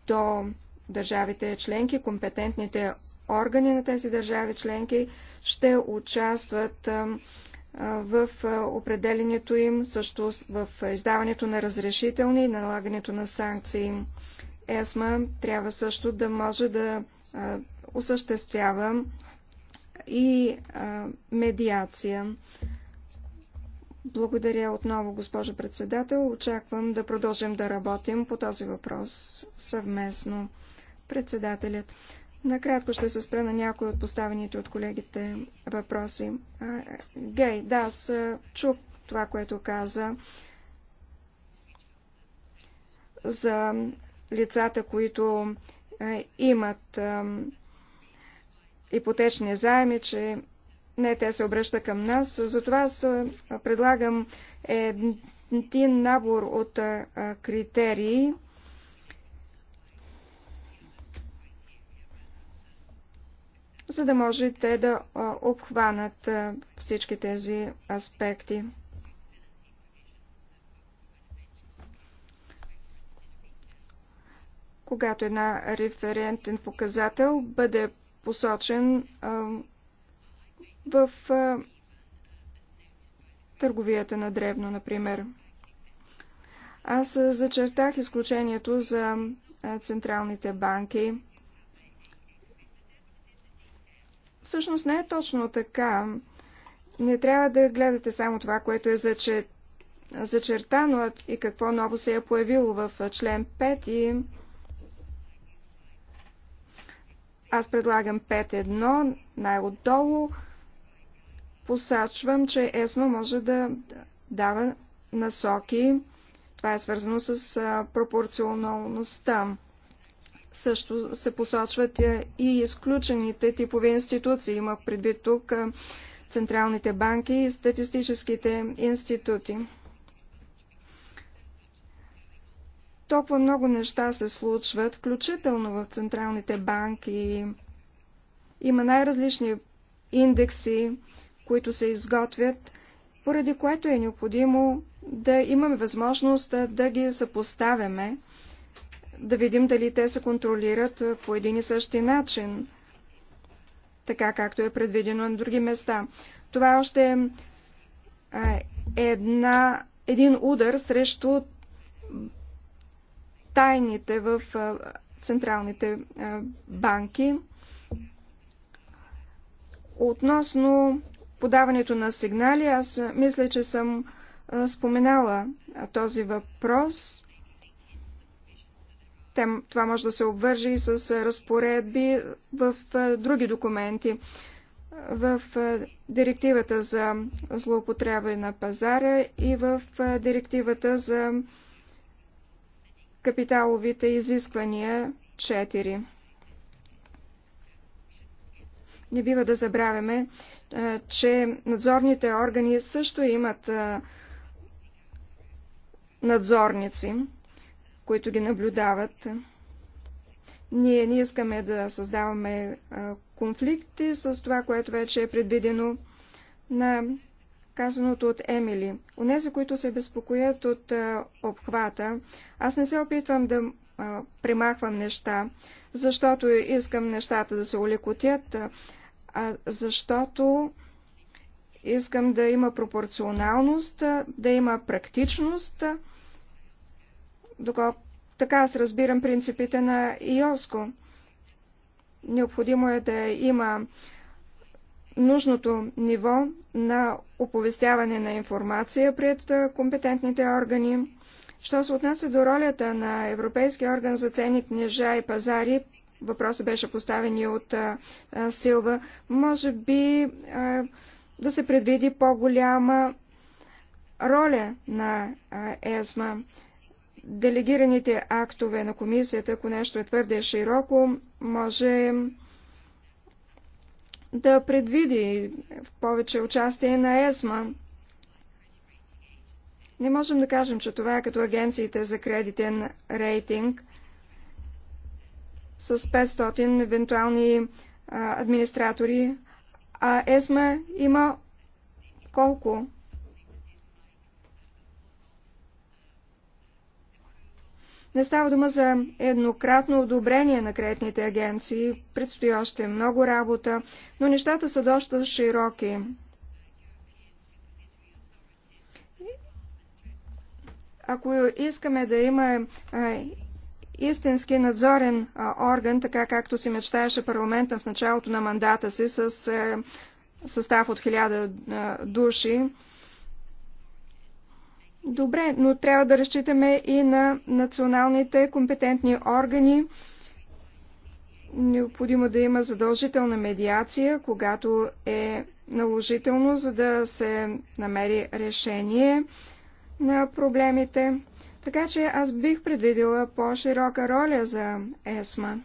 до държавите членки, компетентните органи на тези държави членки ще участват в определенето им, също в издаването на разрешителни и налагането на санкции. ЕСМА трябва също да може да осъществява и медиация. Благодаря отново, госпожо председател. Очаквам да продължим да работим по този въпрос съвместно. Председателят. Накратко ще се спра на някои от поставените от колегите въпроси. Гей, да, аз чух това, което каза за лицата, които имат ипотечни заеми, че не те се обръща към нас. Затова аз предлагам един набор от критерии, за да може те да обхванат всички тези аспекти. Когато една референтен показател бъде посочен в търговията на древно, например. Аз зачертах изключението за централните банки. Всъщност не е точно така. Не трябва да гледате само това, което е зачертано и какво ново се е появило в член 5. И... Аз предлагам 5.1, най-отдолу. Посачвам, че ЕСМА може да дава насоки. Това е свързано с пропорционалността. Също се посочват е, и изключените типови институции. Има предвид тук е, централните банки и статистическите институти. Толкова много неща се случват, включително в централните банки. Има най-различни индекси, които се изготвят, поради което е необходимо да имаме възможност е, да ги съпоставяме да видим дали те се контролират по един и същи начин, така както е предвидено на други места. Това още е една, един удар срещу тайните в централните банки. Относно подаването на сигнали, аз мисля, че съм споменала този въпрос това може да се обвържи и с разпоредби в други документи. В директивата за злоупотреба на пазара и в директивата за капиталовите изисквания 4. Не бива да забравяме, че надзорните органи също имат надзорници които ги наблюдават. Ние не искаме да създаваме конфликти с това, което вече е предвидено на казаното от Емили. Онези, които се безпокоят от а, обхвата, аз не се опитвам да а, примахвам неща, защото искам нещата да се улекотят, а защото искам да има пропорционалност, да има практичност доколко така аз разбирам принципите на ИОСКО. Необходимо е да има нужното ниво на оповестяване на информация пред компетентните органи. Що се отнася до ролята на Европейския орган за ценни книжа и пазари, въпросът беше поставен и от а, а, Силва, може би а, да се предвиди по-голяма роля на а, ЕСМА. Делегираните актове на комисията, ако нещо е твърде широко, може да предвиди в повече участие на ЕСМА. Не можем да кажем, че това е като агенциите за кредитен рейтинг с 500 евентуални а, администратори, а ЕСМА има колко? Не става дума за еднократно одобрение на кредитните агенции, предстои още много работа, но нещата са доста широки. Ако искаме да има а, истински надзорен а, орган, така както си мечтаеше парламента в началото на мандата си с а, състав от хиляда души, Добре, но трябва да разчитаме и на националните компетентни органи. Необходимо да има задължителна медиация, когато е наложително, за да се намери решение на проблемите. Така че аз бих предвидила по-широка роля за ЕСМА.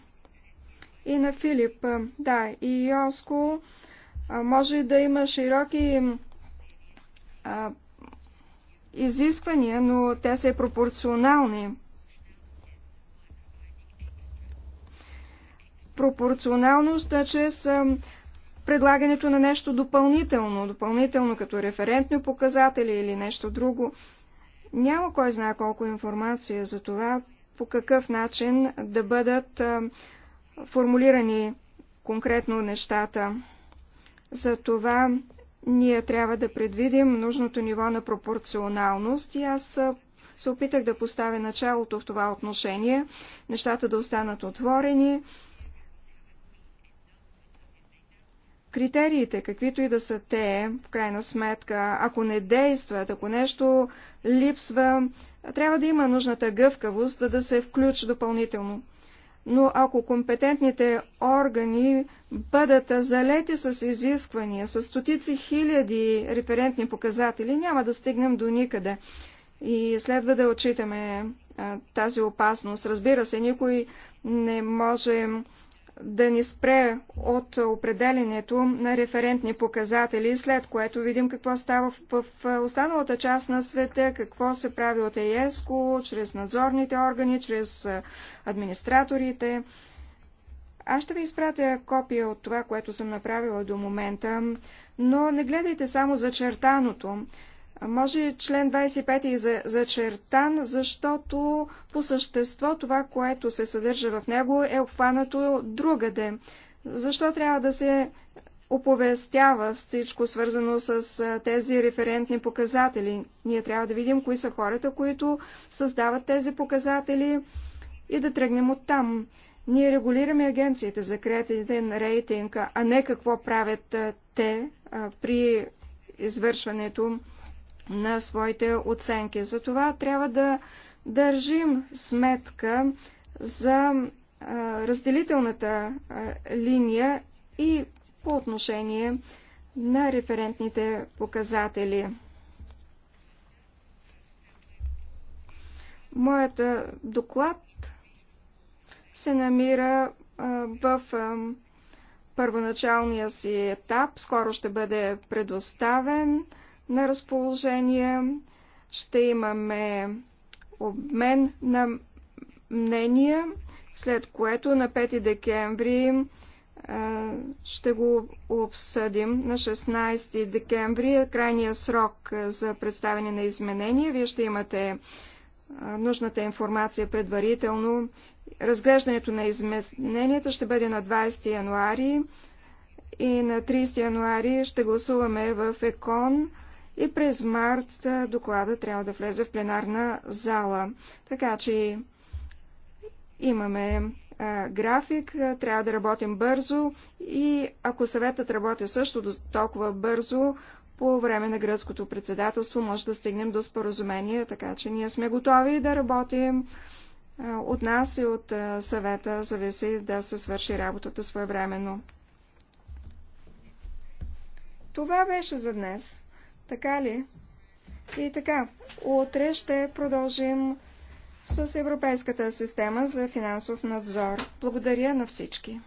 И на Филип, да, и Йоско, може да има широки изисквания, но те са пропорционални. Пропорционалността значи, чрез предлагането на нещо допълнително, допълнително като референтни показатели или нещо друго. Няма кой знае колко информация за това, по какъв начин да бъдат формулирани конкретно нещата. За това ние трябва да предвидим нужното ниво на пропорционалност и аз се опитах да поставя началото в това отношение, нещата да останат отворени. Критериите, каквито и да са те, в крайна сметка, ако не действат, ако нещо липсва, трябва да има нужната гъвкавост, да, да се включи допълнително но ако компетентните органи бъдат залети с изисквания, с стотици хиляди референтни показатели, няма да стигнем до никъде. И следва да отчитаме а, тази опасност. Разбира се, никой не може да ни спре от определенето на референтни показатели, след което видим какво става в останалата част на света, какво се прави от ЕСКО, чрез надзорните органи, чрез администраторите. Аз ще ви изпратя копия от това, което съм направила до момента, но не гледайте само зачертаното. Може член 25 и е зачертан, защото по същество това, което се съдържа в него, е обхванато другаде. Защо трябва да се оповестява всичко свързано с тези референтни показатели? Ние трябва да видим кои са хората, които създават тези показатели и да тръгнем от там. Ние регулираме агенциите за кредитен рейтинг, а не какво правят те при извършването на своите оценки. Затова трябва да държим сметка за разделителната линия и по отношение на референтните показатели. Моят доклад се намира в първоначалния си етап, скоро ще бъде предоставен на разположение, ще имаме обмен на мнения, след което на 5 декември ще го обсъдим. На 16 декември е крайния срок за представяне на изменения. Вие ще имате нужната информация предварително. Разглеждането на измененията ще бъде на 20 януари и на 30 януари ще гласуваме в ЕКОН и през март доклада трябва да влезе в пленарна зала. Така че имаме а, график, трябва да работим бързо и ако съветът работи също толкова бързо, по време на гръцкото председателство може да стигнем до споразумение, така че ние сме готови да работим. От нас и от съвета зависи да се свърши работата своевременно. Това беше за днес. Така ли? И така, утре ще продължим с Европейската система за финансов надзор. Благодаря на всички.